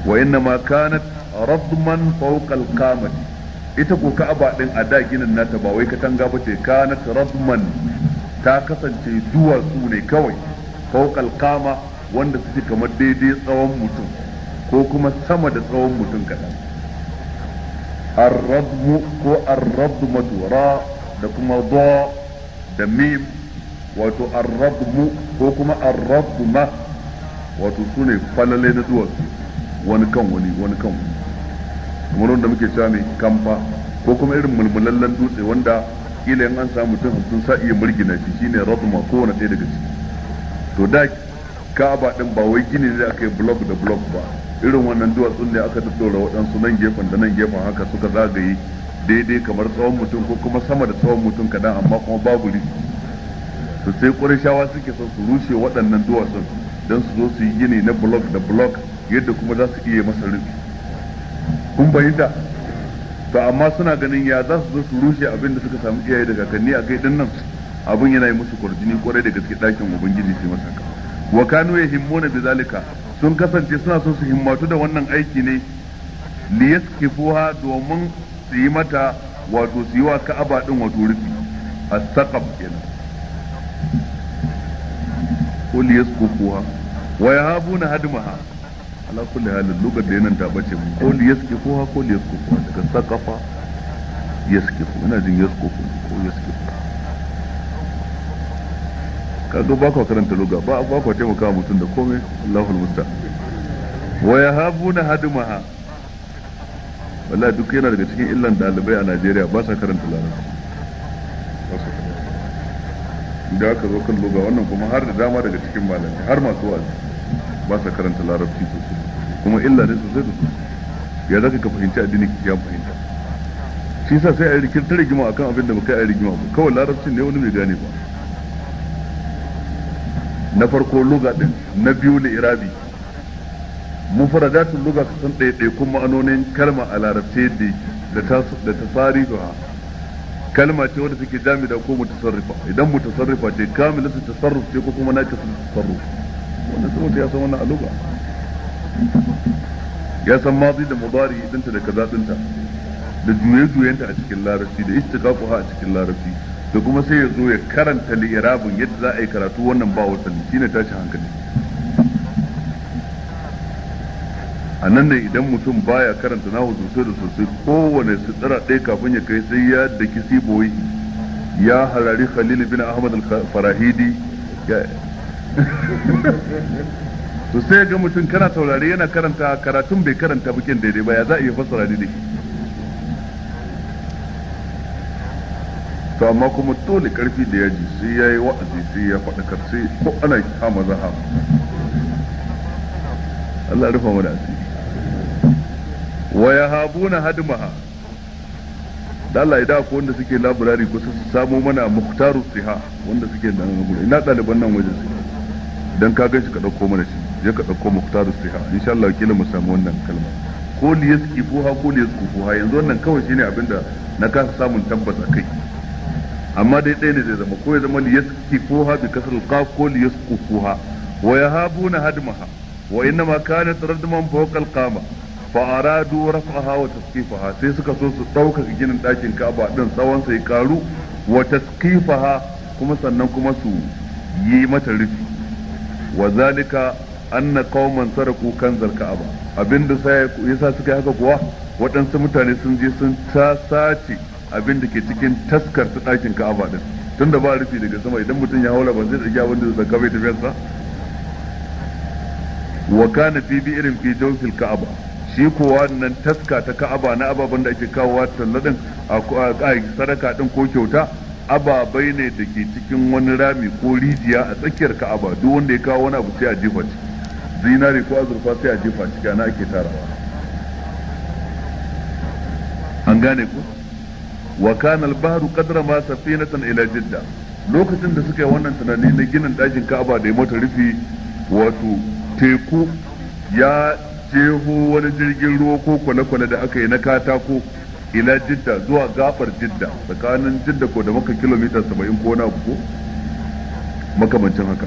wa inna ma kanat radman fawqa al ita ko ka'aba din a da ginin nata ba wai katanga ba ce kanat radman ta kasance duwatsu ne kawai faukal kama wanda suke kamar daidai tsawon mutum ko kuma sama da tsawon mutum kaɗan arradmu ko arradmatu ra da kuma da da mim wato arradmu ko kuma arradma wato su ne falale na duwatsu wani kan wani wani kan wani kamar wanda muke cewa mai kamfa ko kuma irin mulmulallen dutse wanda ila yan an samu mutum hamsin sa iya murgina shi shine radma wani ɗaya daga ciki to da ka'aba din ba wai gini ne aka yi block da block ba irin wannan duwatsun ne aka tattaura waɗansu nan gefen da nan gefen haka suka zagaye daidai kamar tsawon mutum ko kuma sama da tsawon mutum kadan amma kuma babu rufi to sai ƙurashawa suke son su rushe waɗannan duwatsun don su zo su yi gini na block da block yadda kuma za su iya masa rufi kun fahimta to amma suna ganin ya za su zo su rushe abin da suka samu iyaye da kakanni a kai dinnan abin yana yi musu kwarjini kwarai da gaske ɗakin ubangiji sai masa ka wa kanu yahimmuna bizalika sun kasance suna so su himmatu da wannan aiki ne yaskifuha domin su yi mata wato su yi wa ka'aba din wato rufi as-saqab kenan ko liyaskifuha wa yahabuna hadmaha ala kulli halin lugar da yanan ta bace ko li ko ha ko li yaskifu daga yaske ko ina jin yaske ko Ka kaga ba ka karanta lugar ba ba ka taimaka mutum da komai Allahu musta wa yahabuna hadmaha wallahi duk yana daga cikin illan dalibai a Najeriya ba sa karanta larabci da aka zo kan luga wannan kuma har da dama daga cikin malamai har masu wa'azi ba sa karanta larabci sosai kuma illa ne sosai da sosai ya zaka ka fahimci addini ya fahimta shi yasa sai a yi rikin rigima akan abin da baka yi rigima ba kawai larabcin ne wani bai gane ba na farko luga din na biyu da irabi mufradatul luga kasan kuma ma'anonin kalma a larabce da ta ba kalma ce wadda take jami'a ko mutasarrifa idan mutasarrifa ce su tasarruf ce ko kuma na naqisul tasarruf wannan sun ya san wannan aluga ya san mazi da mabari dinta da kazaɗinta da juye-juyenta a cikin larabci da ha a cikin larabci da kuma sai ya zo ya karanta li'irabin yadda za a yi karatu wannan ba shi shine tashi hankali a nan ne idan mutum baya karanta nahu sosai da sosai kowane sutura ɗaya kafin ya kai sai ya kisi siboyi ya harari khalil bin ahmad al-farahidi to sai ga mutum kana taurari yana karanta karatun bai karanta bukin daidai ba ya za a iya fassara ni da shi to amma kuma dole karfi da yaji sai ya yi wa'azi sai ya faɗakar sai ko ana kama za a Allah rufa mu da asiri wa yahabuna hadmaha da Allah idan akwai wanda suke labirari kusa su samo mana muhtaru siha wanda suke nan ina ɗaliban nan wajen suke dan ka gan shi ka dauko mana shi je ka dauko muqtarus siha insha Allah kila mu samu wannan kalma ko li yaskifuha ko li fuha yanzu wannan kawai shine abinda na kasa samun tabbas akai amma dai ɗaya ne zai zama ko ya zama li fuha bi kasral qaf ko li fuha wa yahabuna hadmaha wa innama kanat radman fawqa al-qama fa aradu raf'aha wa tasqifaha sai suka so su dauka ginin dakin Ka'aba din tsawon sai karu wa tasqifaha kuma sannan kuma su yi mata rufi Wazalika zalika anna qauman saraku kanzar ka'aba abinda sai yasa suka haka kuwa waɗansu mutane sun je sun ta sace abin da ke cikin taskar ta ɗakin ka'aba din tunda ba rufi daga sama idan mutum ya haula ba zai tsaki abin da zai saka bai tafiyar wa kana fi irin fi jawfil ka'aba shi kuwa nan taska ta ka'aba na ababen da ake kawowa talladin a sadaka din ko kyauta ababai ne da ke cikin wani rami ko rijiya a tsakiyar ka'aba duk wanda ya kawo wani abu sai a jefa ciki zinari ko azurfa sai a jefa ciki ana ake tarawa an gane ku wa kana al-bahru qadra ma safinatan ila jidda lokacin da suka yi wannan tunani na ginin ɗakin ka'aba da ya mata rufi wato teku ya jeho wani jirgin ruwa ko kwale-kwale da aka yi na katako ila jidda zuwa gafar jidda tsakanin jidda ko da maka kilomita saba'in ko na ko makamancin haka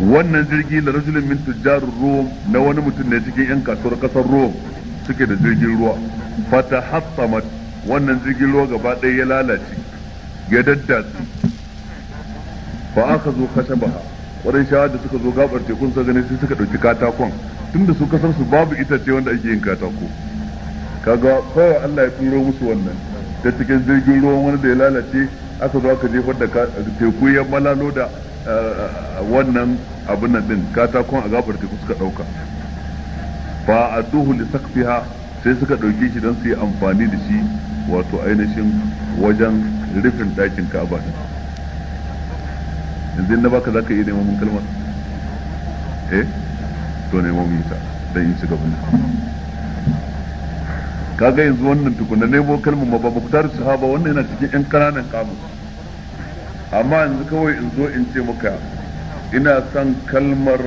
wannan jirgi da rajulun min tujjar ruwan na wani mutum ne cikin yan kasuwar kasar ruwan suke da jirgin ruwa fata hatsamat wannan jirgin ruwa gaba ɗaya ya lalace ya daddatsu a aka zo kashe ba wurin shawar da suka zo gabar tekun sa gani sai suka ɗauki katakon tunda su kasar su babu itace wanda ake yin katako kaga kawai Allah ya turo musu wannan ta cikin jirgin ruwan wani da ya lalace aka zo aka jefar da teku ya malalo da eh, wannan abin nan din katakon a gabar teku suka dauka fa aduhu li saqfiha sai suka dauke shi don su yi amfani da shi wato ainihin wajen rufin dakin Ka'aba din yanzu na baka zaka iya neman kalmar eh to ne yi ta dan in shiga gaban kaga yanzu wannan tukuna ne bo kalmar ma ba muktar sahaba wannan yana cikin yan kananan kamus amma yanzu kawai in zo in ce muka ina son kalmar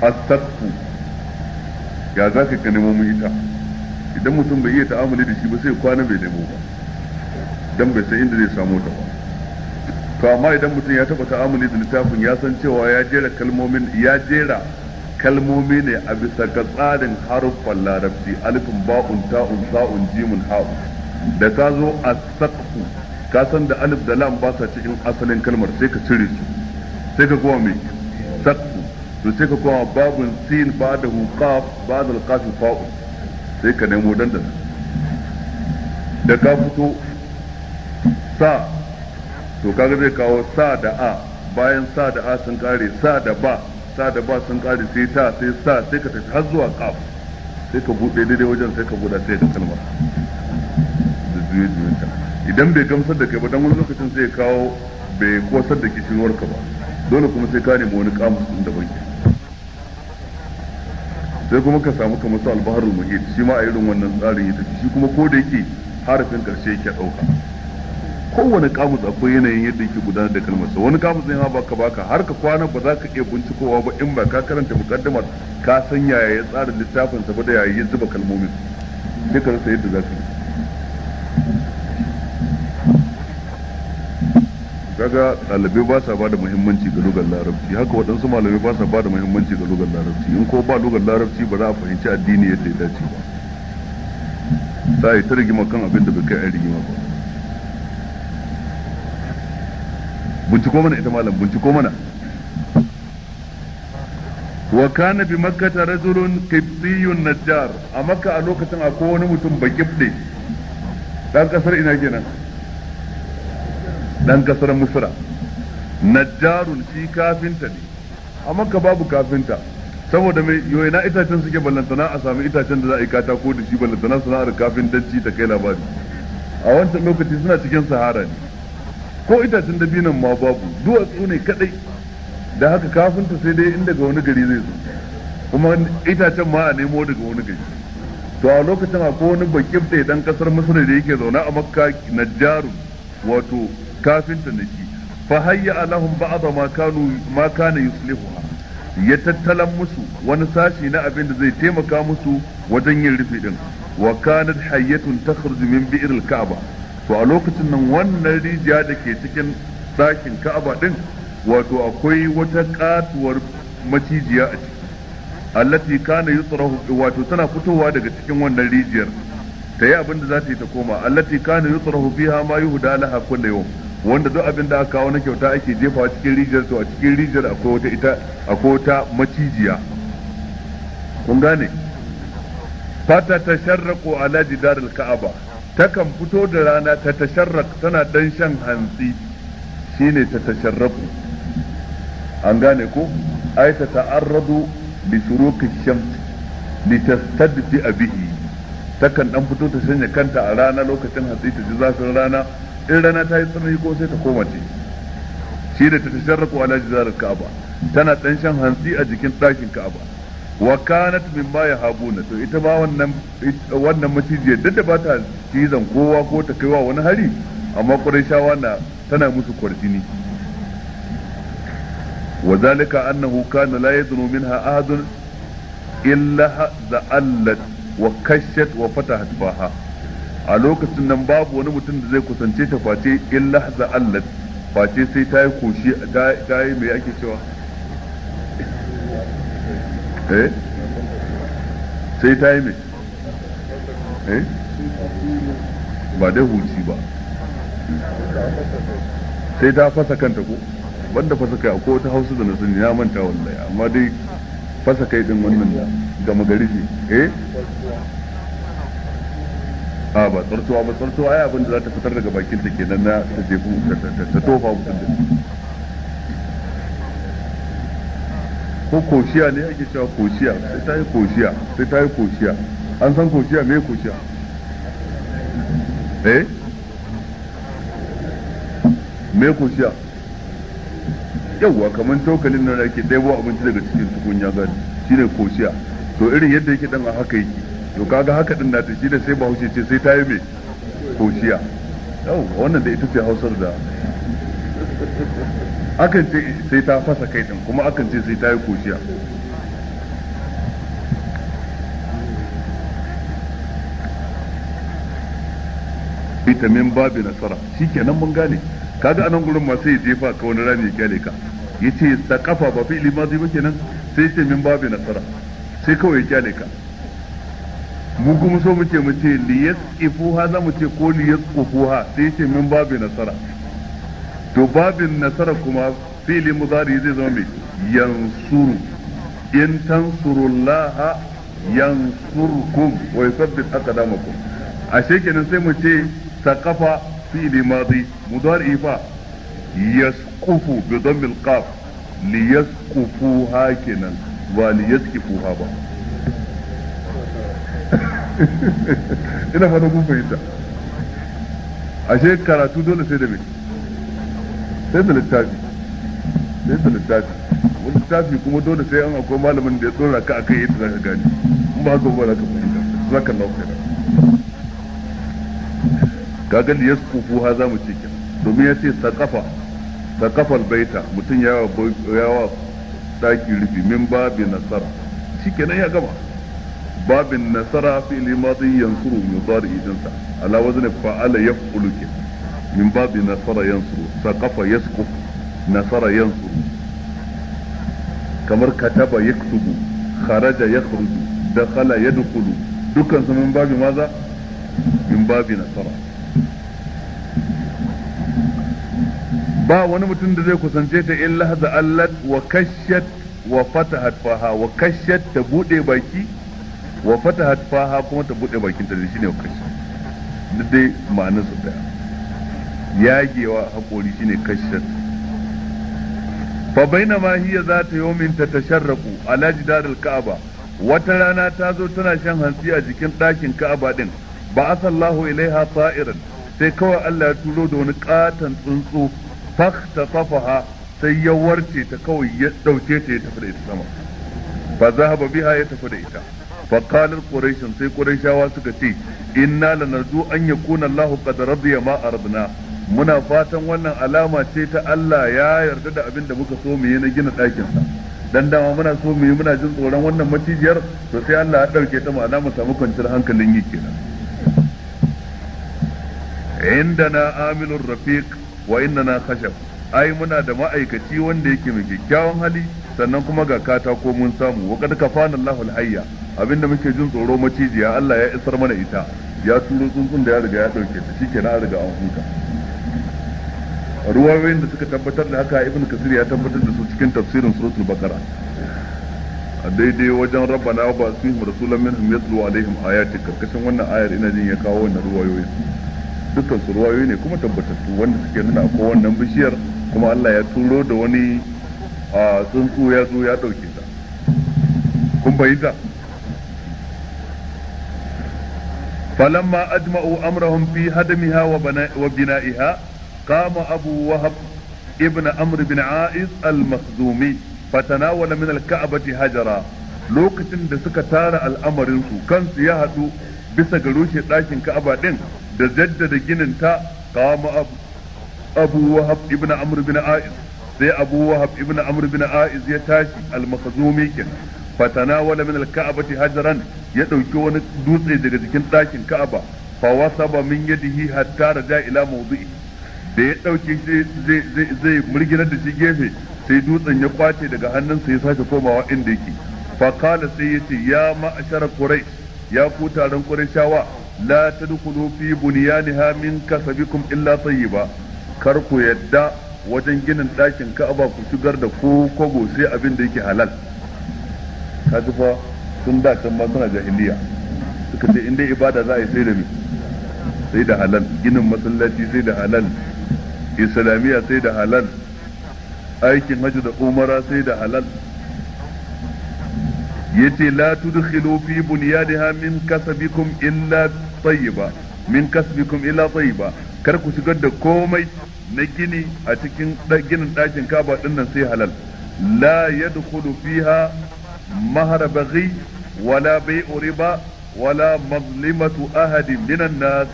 astakfu ya za ka ka nemo ita idan mutum bai iya ta'amuli da shi ba sai kwana bai nemo ba dan bai san inda zai samu ta ba to amma idan mutum ya taba ta'amuli da littafin ya san cewa ya jera kalmomin ya jera kalmomi ne a bisa ga tsarin haruffan larabci alifin ba'un ta'un sa'un jimun ha'u da ka zo a saqfu ka san da alif da lam ba sa cikin asalin kalmar sai ka cire su sai ka kowa mai saqfu to sai ka kowa babun sin ba da hukaf ba da alqafin fa'u sai ka nemo dandan da ka fito sa to kaga zai kawo sa da a bayan sa da a sun kare sa da ba sa da ba sun kare sai ta sai sa sai ka tafi har zuwa kaf sai ka buɗe daidai wajen sai ka buɗa sai ka kalma da juye juyen ta idan bai gamsar da kai ba dan wani lokacin sai kawo bai kosar da kishiyar ka ba dole kuma sai ka nemi wani kamus din da banki sai kuma ka samu kamar su albaharul muhit shi ma a irin wannan tsarin ya tafi shi kuma ko da yake harafin karshe yake ɗauka kowane kamus akwai yanayin yadda yake gudanar da kalmarsa wani kamus ne ba ka baka har ka kwana ba za ka iya bincikowa ba in ba ka karanta mukaddamar ka san yaya ya tsara littafin sa ba da yaya ya zuba kalmomin sai ka rasa yadda za ka yi kaga ɗalibai ba sa bada muhimmanci ga lugar larabci haka waɗansu malamai ba sa bada muhimmanci ga lugar larabci in ko ba lugar larabci ba za a fahimci addini yadda ya dace ba sai ta rigima kan abin da bai kai a rigima ba binciko mana ita malam binciko mana wa kana bi makkata rajulun qibtiyun najjar a makka a lokacin akwai wani mutum ba kibde dan kasar ina kenan dan kasar misra najjarun shi kafinta ne a makka babu kafinta saboda mai yoyi na itacen suke ballantana a sami itacen da za a yi katako da shi ballantana sana'ar kafintanci ta kai labari a wancan lokaci suna cikin sahara ne ko itacen dabinan ma babu duwatsu ne kadai da haka kafinta sai dai inda daga wani gari zai zo kuma itacen ma a nemo daga wani gari to a lokacin a wani bakin da dan kasar misra da yake zauna a makka na jarum wato kafinta na shi fa hayya alahum ba'da ma kanu ma kana yuslihuha ya tattalan musu wani sashi na abin da zai taimaka musu wajen yin rufi din wa kanat hayyatun takhruju min bi'ril ka'ba to a lokacin nan wannan rijiya da ke cikin ɗakin ka'aba ɗin wato akwai wata katuwar macijiya a ciki allati kana yutrahu wato tana fitowa daga cikin wannan rijiyar ta yi abin da za ta yi ta koma allati kana yutrahu biha ma yuhda laha kullu yawm wanda duk abin da aka kawo na kyauta ake jefawa cikin rijiyar to a cikin rijiyar akwai wata ita akwai wata macijiya kun gane fata tasharraqu ala jidar kaaba takan fito da rana ta tasharrak tana dan shan hantsi shine ta tasharraku an gane ko ai ta ta'arradu li shuruqi shams li tastadfi bihi takan dan fito ta sanya kanta a rana lokacin hantsi ta ji zafin rana in rana ta yi tsanani ko sai ta koma ce shi ta tasharraku ala jizarar ka'aba tana dan shan hantsi a jikin ɗakin ka'aba wa kanat ma yahabuna to ita ma wannan wannan macijiyar da ba ta cizon kowa ko ta kaiwa wani hari amma shawa na tana musu kwarjini wa zalika annahu kana la yadnu minha ahad illa za'allat wa kashat wa fatahat baha a lokacin nan babu wani mutum da zai kusance ta face illa za'allat face sai ta yi koshi ta yi mai ake cewa eh sai ta yi mai eh ba dai huci ba sai ta fasa kanta ko banda fasa kai ko ta hausu da na ya manta wallahi amma dai fasa kai din wannan ga gari ce eh a ba tsartuwa ba tsartuwa ai abin da za ta fitar daga bakin ta kenan na ta jefu ta tofa mutum ko koshiya ne ake cewa koshiya sai ta yi koshiya sai ta yi koshiya an san koshiya me koshiya eh me koshiya yawwa kamar tokalin nan ake ɗebo abinci daga cikin tukunya gani shine koshiya to irin yadda yake dan a haka yake to kaga haka din na ta shi da sai bahaushe ce sai ta yi me koshiya yawwa wannan da ita ce hausar da akan ce sai ta fasa kai din kuma akan ce sai ta yi koshiya ita min babi nasara nan mun gane kaga anan gurin ma sai ya jefa ka wani rami ya kyale ka yace kafa ba fi ma zai ba nan sai ce min babi nasara sai kawai ya kyale ka mu kuma so muke mu ce liyas ifuha za mu ce ko liyas ufuha sai ce min babi nasara to nasara kuma fili muzari zai zama mai yansuru in tansurullaha yansurkum wa yuthabbit aqdamakum ashe kenan sai mu ce saqafa fili madi mudari fa yasqufu bi dhammil qaf li yasqufuha kenan ba li yasqifuha ba ina fata kun fahimta ashe karatu dole sai da mai sai da littafi sai da littafi wani littafi kuma dole sai an akwai malamin da ya tsora ka akai yadda zaka gani in ba haka ba ka fahimta zaka lau kai kaga da yasqufu ha mu ce kin domin ya ce sakafa saqafal baita mutum ya wa daki rufi min babi nasara kenan ya gama babin nasara fi limadi yansuru yudari idan sa ala wazn fa'ala yaqulu kenan min babi nasara yansu saqafa yasqu nasara yansu kamar kataba yaktubu kharaja yakhruju dakhala yadkhulu dukkan su min babi maza min babi nasara ba wani mutum da zai kusance ta in da allat wa kashat wa fatahat faha wa kashat ta bude baki wa fatahat faha kuma ta bude bakin ta shine kashat duk dai ma'anar su daya yagewa hakori shine kashar. fa bainama hiya za ta yomin ta tasharraqu ala jidaril ka'aba wata rana ta zo tana shan hantsi a jikin ɗakin ka'aba din ba asallahu ilaiha sa'iran sai kawai Allah ya turo da wani katon tsuntsu fakhtasafaha sai ya warce ta kawai ya dauke ta ya tafi da ita sama fa zahaba biha ya tafi da ita fa qalat quraish sai quraishawa suka ce inna lanarju an yakuna Allahu qad radiya ma aradna muna fatan wannan alama ce ta Allah ya yarda da abin da muka so mu yi na gina ɗakinsa dan dama muna so mu yi muna jin tsoron wannan macijiyar to sai Allah ya ɗauke ta ma'ana mu samu kwanciyar hankalin yi kenan indana amilur rafiq wa na khashab ai muna da ma'aikaci wanda yake mai kyakkyawan hali sannan kuma ga katako mun samu wa kad kafana Allahu alhayya abinda muke jin tsoro macijiya Allah ya isar mana ita ya turo tsuntsun da ya riga ya dauke ta shikenan an riga an huta ruwayoyin da suka tabbatar da haka ibn kasir ya tabbatar da su cikin tafsirin suratul bakara a daidai wajen su yi rasulun min hamiyar zuwa alaihim ayatik karkashin wannan ayar ina jin ya kawo wannan ruwayoyin dukkan su ruwayoyi ne kuma tabbatattu wanda suke nuna ko wannan bishiyar kuma Allah ya turo da wani a tsuntsu ya zo ya dauke ta kun bayyana falamma ajma'u amrahum fi hadamiha wa bina'iha قام أبو وهب ابن عمرو بن عائز المخزومي فتناول من الكعبة هجرا lokacin da suka tara al'amarinsu su ya haɗu bisa ga rushe ɗakin ka'aba ɗin da jaddada ginin ta kama abu wahab ibn amr bin a'iz sai abu wahab ibn amr bin a'iz ya tashi al-makhzumi kin fatana wala min al-ka'bati hajaran ya ɗauki wani dutse daga jikin ɗakin ka'aba fa yadihi hatta raja ila da ya ɗauki zai murginar da shi gefe sai dutsen ya kwace daga hannunsa ya sake komawa inda yake fakala sai ya ce ya ma'ashara kurai ya ku taron shawa la tadkhulu fi bunyaniha min kasabikum illa ba kar ku yadda wajen ginin ɗakin ka'aba ku shigar da ko kogo sai abin da yake halal kaji fa sun da can ma suna jahiliya suka ce in ibada za a yi sai da mi sai da halal ginin masallaci sai da halal islamiyya sai da halal aikin hajji da umara sai da halal yace la tudkhilu fi bunyaniha min kasabikum illa tayyiba min kasbikum illa tayyiba kar ku shigar da komai na gini a cikin ginin ɗakin kaba dinnan sai halal la yadkhulu fiha mahar baghi wala bai'u riba wala mazlimatu ahadin minan nas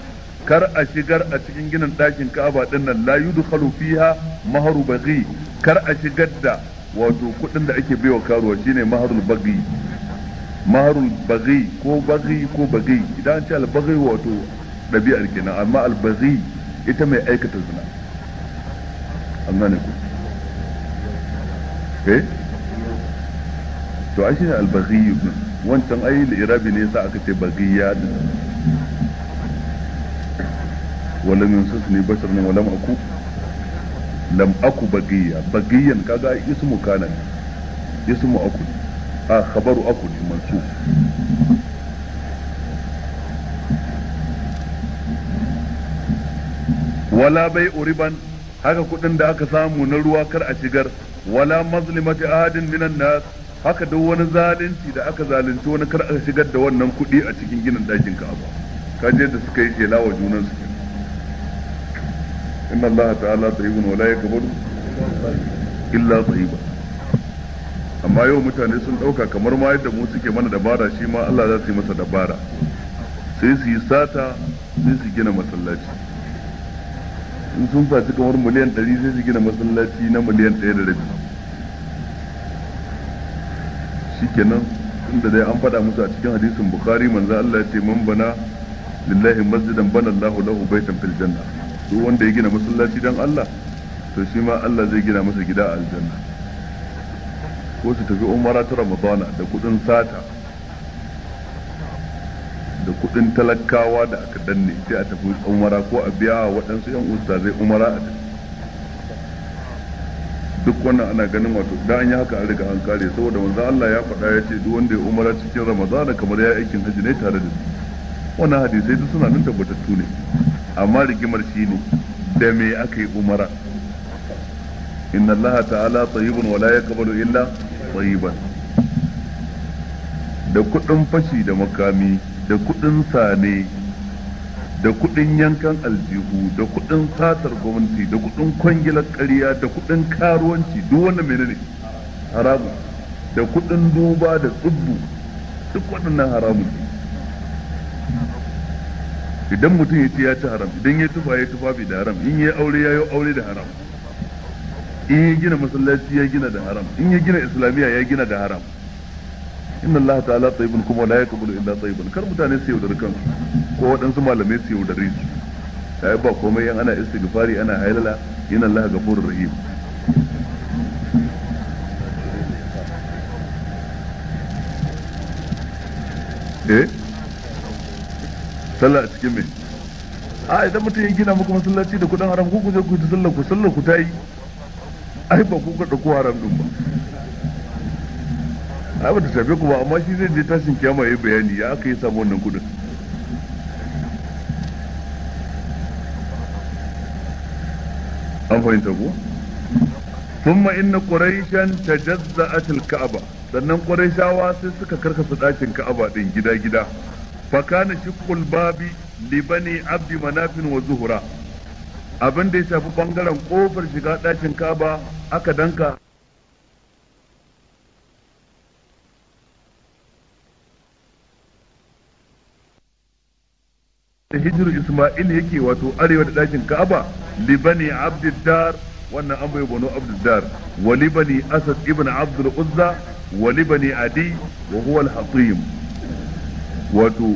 kar a shigar a cikin ginin ɗakin Ka'aba din nan la yudkhalu fiha maharu baghi kar a shigar da wato kuɗin da ake baiwa karuwa shine maharul baghi maharul baghi ko baghi ko baghi idan an ce al baghi wato ɗabi'ar kenan amma al baghi ita mai aikata zina an gane ku eh to ai shine al baghi wancan ai al irabi ne yasa aka ce baghiya din walam yamsasni basharun walam aku lam aku bagiya bagiyan kaga ismu kana ismu aku a ah, khabaru aku ne mansu wala bai uriban haka kudin da aka samu na ruwa kar a shigar wala mazlimati ahadin minan nas haka duk wani zalunci da aka zalunci wani kar a shigar da wannan kudi a cikin ginin dakin ba kaje da suka yi shela wa junan su inna Allah ta'ala tayyibun wa la yakbalu illa tayyiba amma yau mutane sun dauka kamar ma yadda mu suke mana dabara shi ma Allah za su yi masa dabara sai su yi sata sai su gina masallaci in sun saci kamar miliyan 100 sai su gina masallaci na miliyan 1 da rabi shikenan inda dai an faɗa musu a cikin hadisin bukhari manzo Allah ya ce man bana lillahi masjidan bana Allahu lahu baitan fil janna duk wanda ya gina masallaci don Allah to shi ma Allah zai gina masa gida a aljanna ko su tafi umara ta ramadana da kudin sata da kudin talakawa da aka danne sai a tafi umara ko a biya wa waɗansu yan usta zai umara a tafi duk wannan ana ganin wato da an yi haka an riga an kare saboda manzo Allah ya faɗa ya ce duk wanda ya umara cikin ramadana kamar ya aikin hajji ne tare da wannan hadisai duk suna nan tabbatattu ne amma rigimar shi ne da me aka yi umara inna allaha ta'ala tayyibun wala yaqbalu illa tayyiban da kudin fashi da makami da kudin sane da kudin yankan aljihu da kudin satar gwamnati da kudin kwangilar ƙarya da kudin karuwanci duk wannan menene haramun da kudin duba da tsubbu duk waɗannan haramun ne idan mutum ya ce ya ci haram idan ya tufa ya tufa bai da haram in ya aure ya yi aure da haram in ya gina masallaci ya gina da haram in ya gina islamiyya ya gina da haram inna Allah ta'ala tsayibin kuma la yaqbalu illa tsayibin kar mutane su yaudar kansu ko waɗansu malamai su yaudar su yi ba komai yan ana istighfari ana hailala inna Allah ghafurur rahim eh sallah a cikin mai a idan mutum ya gina muku masallaci da kudin haram ko ku je ku ta sallar ku sallah ku ta yi ai ba ku ka dauko haram din ba ai ba ta tafi ku ba amma shi zai je tashin kiyama yayi bayani ya aka yi samu wannan kudin an fahimta ku? ko ta إن قريشا تجزأت ka'aba, sannan ƙwarai sai suka karkasa ɗakin ka'aba ɗin gida-gida fakana shiqqul babi li bani abdi manafin wa zuhura abin da ya shafi bangaren kofar shiga ɗakin kaba aka danka da hijiru isma'il yake wato arewa da ɗakin kaba li bani abdiddar wannan an bai bano abdiddar wa li bani asad ibn abdul uzza wa li bani adi wa huwa al wato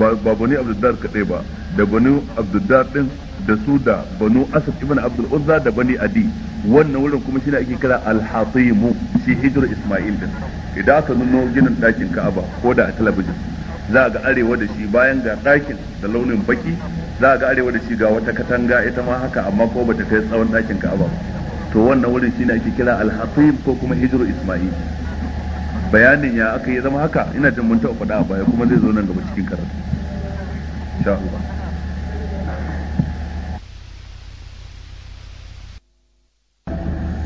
ba bani abdullahi kadai ba da bani abdullahi din da su da banu asad ibn abdul uzza da bani adi wannan wurin kuma shi ne ake kira al-hatimu shi hijr isma'il din idan aka nuno ginin dakin ka'aba ko da a talabijin za a ga arewa da shi bayan ga dakin da launin baki za a ga arewa da shi ga wata katanga ita ma haka amma ko bata kai tsawon dakin ka'aba ba to wannan wurin shi ne ake kira al-hatim ko kuma hijr isma'il bayanin ya aka yi zama haka ina jin mun taɓa faɗa a baya kuma zai zo nan gaba cikin karatu insha Allah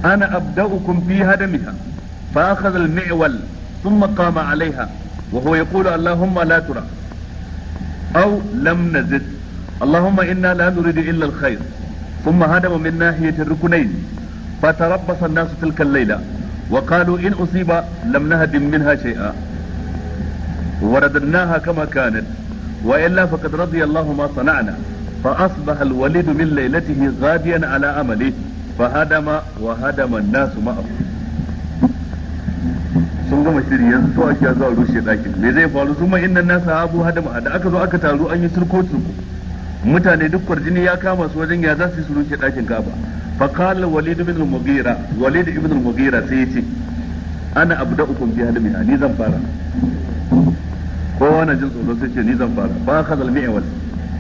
ana abda'ukum fi hadamiha fa akhadha al-mi'wal thumma qama 'alayha wa huwa yaqulu allahumma la tura aw lam nazid اللهم إنا لا نريد إلا الخير ثم هدم من ناحية الركنين فتربص الناس تلك الليلة wa qalu in usiba lam nahdim minha shay'a ورددناها كما كانت وإلا فقد رضي الله ما صنعنا فأصبح الوليد من ليلته غاديا على أمله فهدم وهدم الناس معه sun gama shiri yanzu to ake zuwa rushe ɗakin me zai faru sun ma inna nasa abu hadama da aka zo aka taru an yi surko surko mutane duk kwarjini ya kama su wajen ya za su su ɗakin kaba fa qala Walid ibn al-Mughira Walid ibn al-Mughira sai yace ana abda'ukum bi hadmiha ni zan fara ko wani jin tsoro sai ce ni zan fara ba ka zalmi awal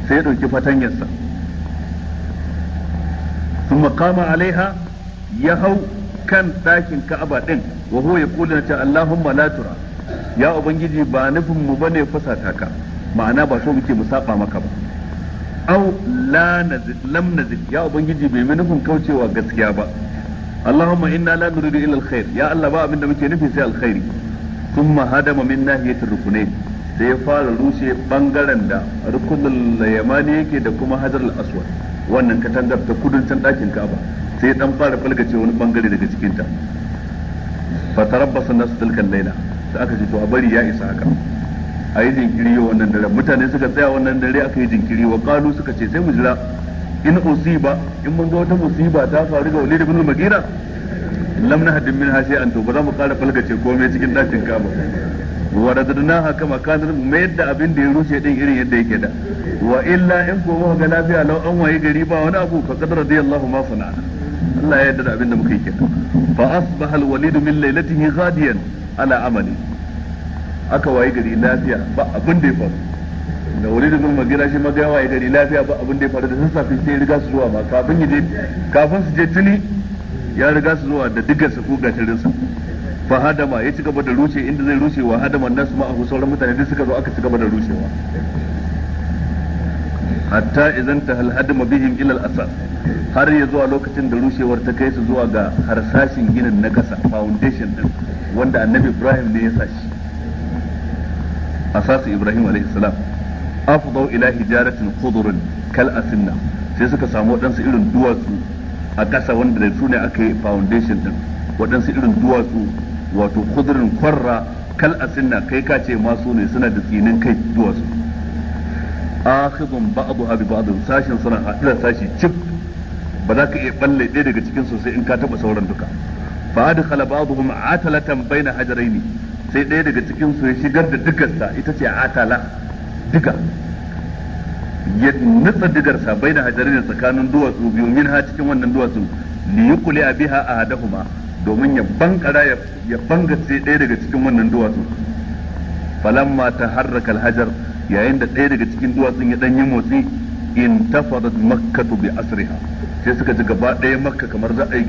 sai ya dauki fatanyarsa thumma qama alaiha ya hau kan ɗakin Ka'aba din wa huwa yaqulu ta Allahumma la tura ya ubangiji ba nufin mu bane fasa ka ma'ana ba so muke mu saba maka ba au la nazid lam nazid ya ubangiji bai mai nufin kaucewa gaskiya ba Allahumma inna la nuridu illa alkhair ya Allah ba abinda muke nufi sai alkhairi thumma hadama min nahiyati rukunain sai ya fara rushe bangaren da rukunul yamani yake da kuma hajar al-aswad wannan katangar ta kudancin dakin Ka'aba sai dan fara falgace wani bangare daga cikin ta fa tarabbasa nasu tilkan layla sai aka ce to a bari ya isa haka a yi jinkiri yau wannan dare mutane suka tsaya wannan dare aka yi jinkiri wa kalu suka ce sai mu jira in usiba in mun ga wata musiba ta faru ga walid ibn al-mughira lam nahdin min ha an to ba za mu kara falgace komai cikin dakin kaba wa radadnaha kama kanar mai yadda abin da ya rushe din irin yadda yake da wa illa in ko ga lafiya lau an waye gari ba wani abu fa qad radiyallahu ma sana'ana Allah ya yarda da abin da muka yi kenan fa asbaha al-walid min laylatihi ghadiyan ala amali aka waye gari lafiya ba abin da ya faru da wani da mun gida shi maga waye gari lafiya ba abin da ya faru da sassafe sai riga su zuwa ma kafin ya je kafin su je tuni ya riga su zuwa da dukkan su ko gatarin su fa hadama ya ci gaba da rushe inda zai rushe wa hadaman nasu ma a sauran mutane duk suka zo aka ci gaba da rushewa hatta idan ta hadama bihim ila al-asas har ya zuwa lokacin da rushewar ta kai su zuwa ga harsashin ginin na kasa foundation din wanda annabi Ibrahim ne ya sa shi asasu ibrahim alaihi salam afdau ila hijaratin kudurin kal asinna sai suka samu waɗansu irin duwatsu a ƙasa wanda da su ne aka foundation din waɗansu irin duwatsu wato khudrun kwarra kal asinna kai ka ce masu ne suna da tsinin kai duwatsu akhidun ba'daha bi ba'd sashin suna haɗu sashi cip ba za ka iya balle ɗaya daga cikin sosai in ka taɓa sauran duka fa adkhala ba'dhum atalatan baina hajaraini sai ɗaya daga cikin su ya shigar da digarsa ita ce atala diga ya nutsa digarsa bai da hajarin tsakanin duwatsu biyu min ha cikin wannan duwatsu li a biha hadahuma domin ya bankara ya bangace ɗaya daga cikin wannan duwatsu falamma taharraka alhajar yayin da ɗaya daga cikin duwatsun ya ɗan yi motsi in tafadat makkatu bi asriha sai suka ji gaba ɗaya makka kamar za a yi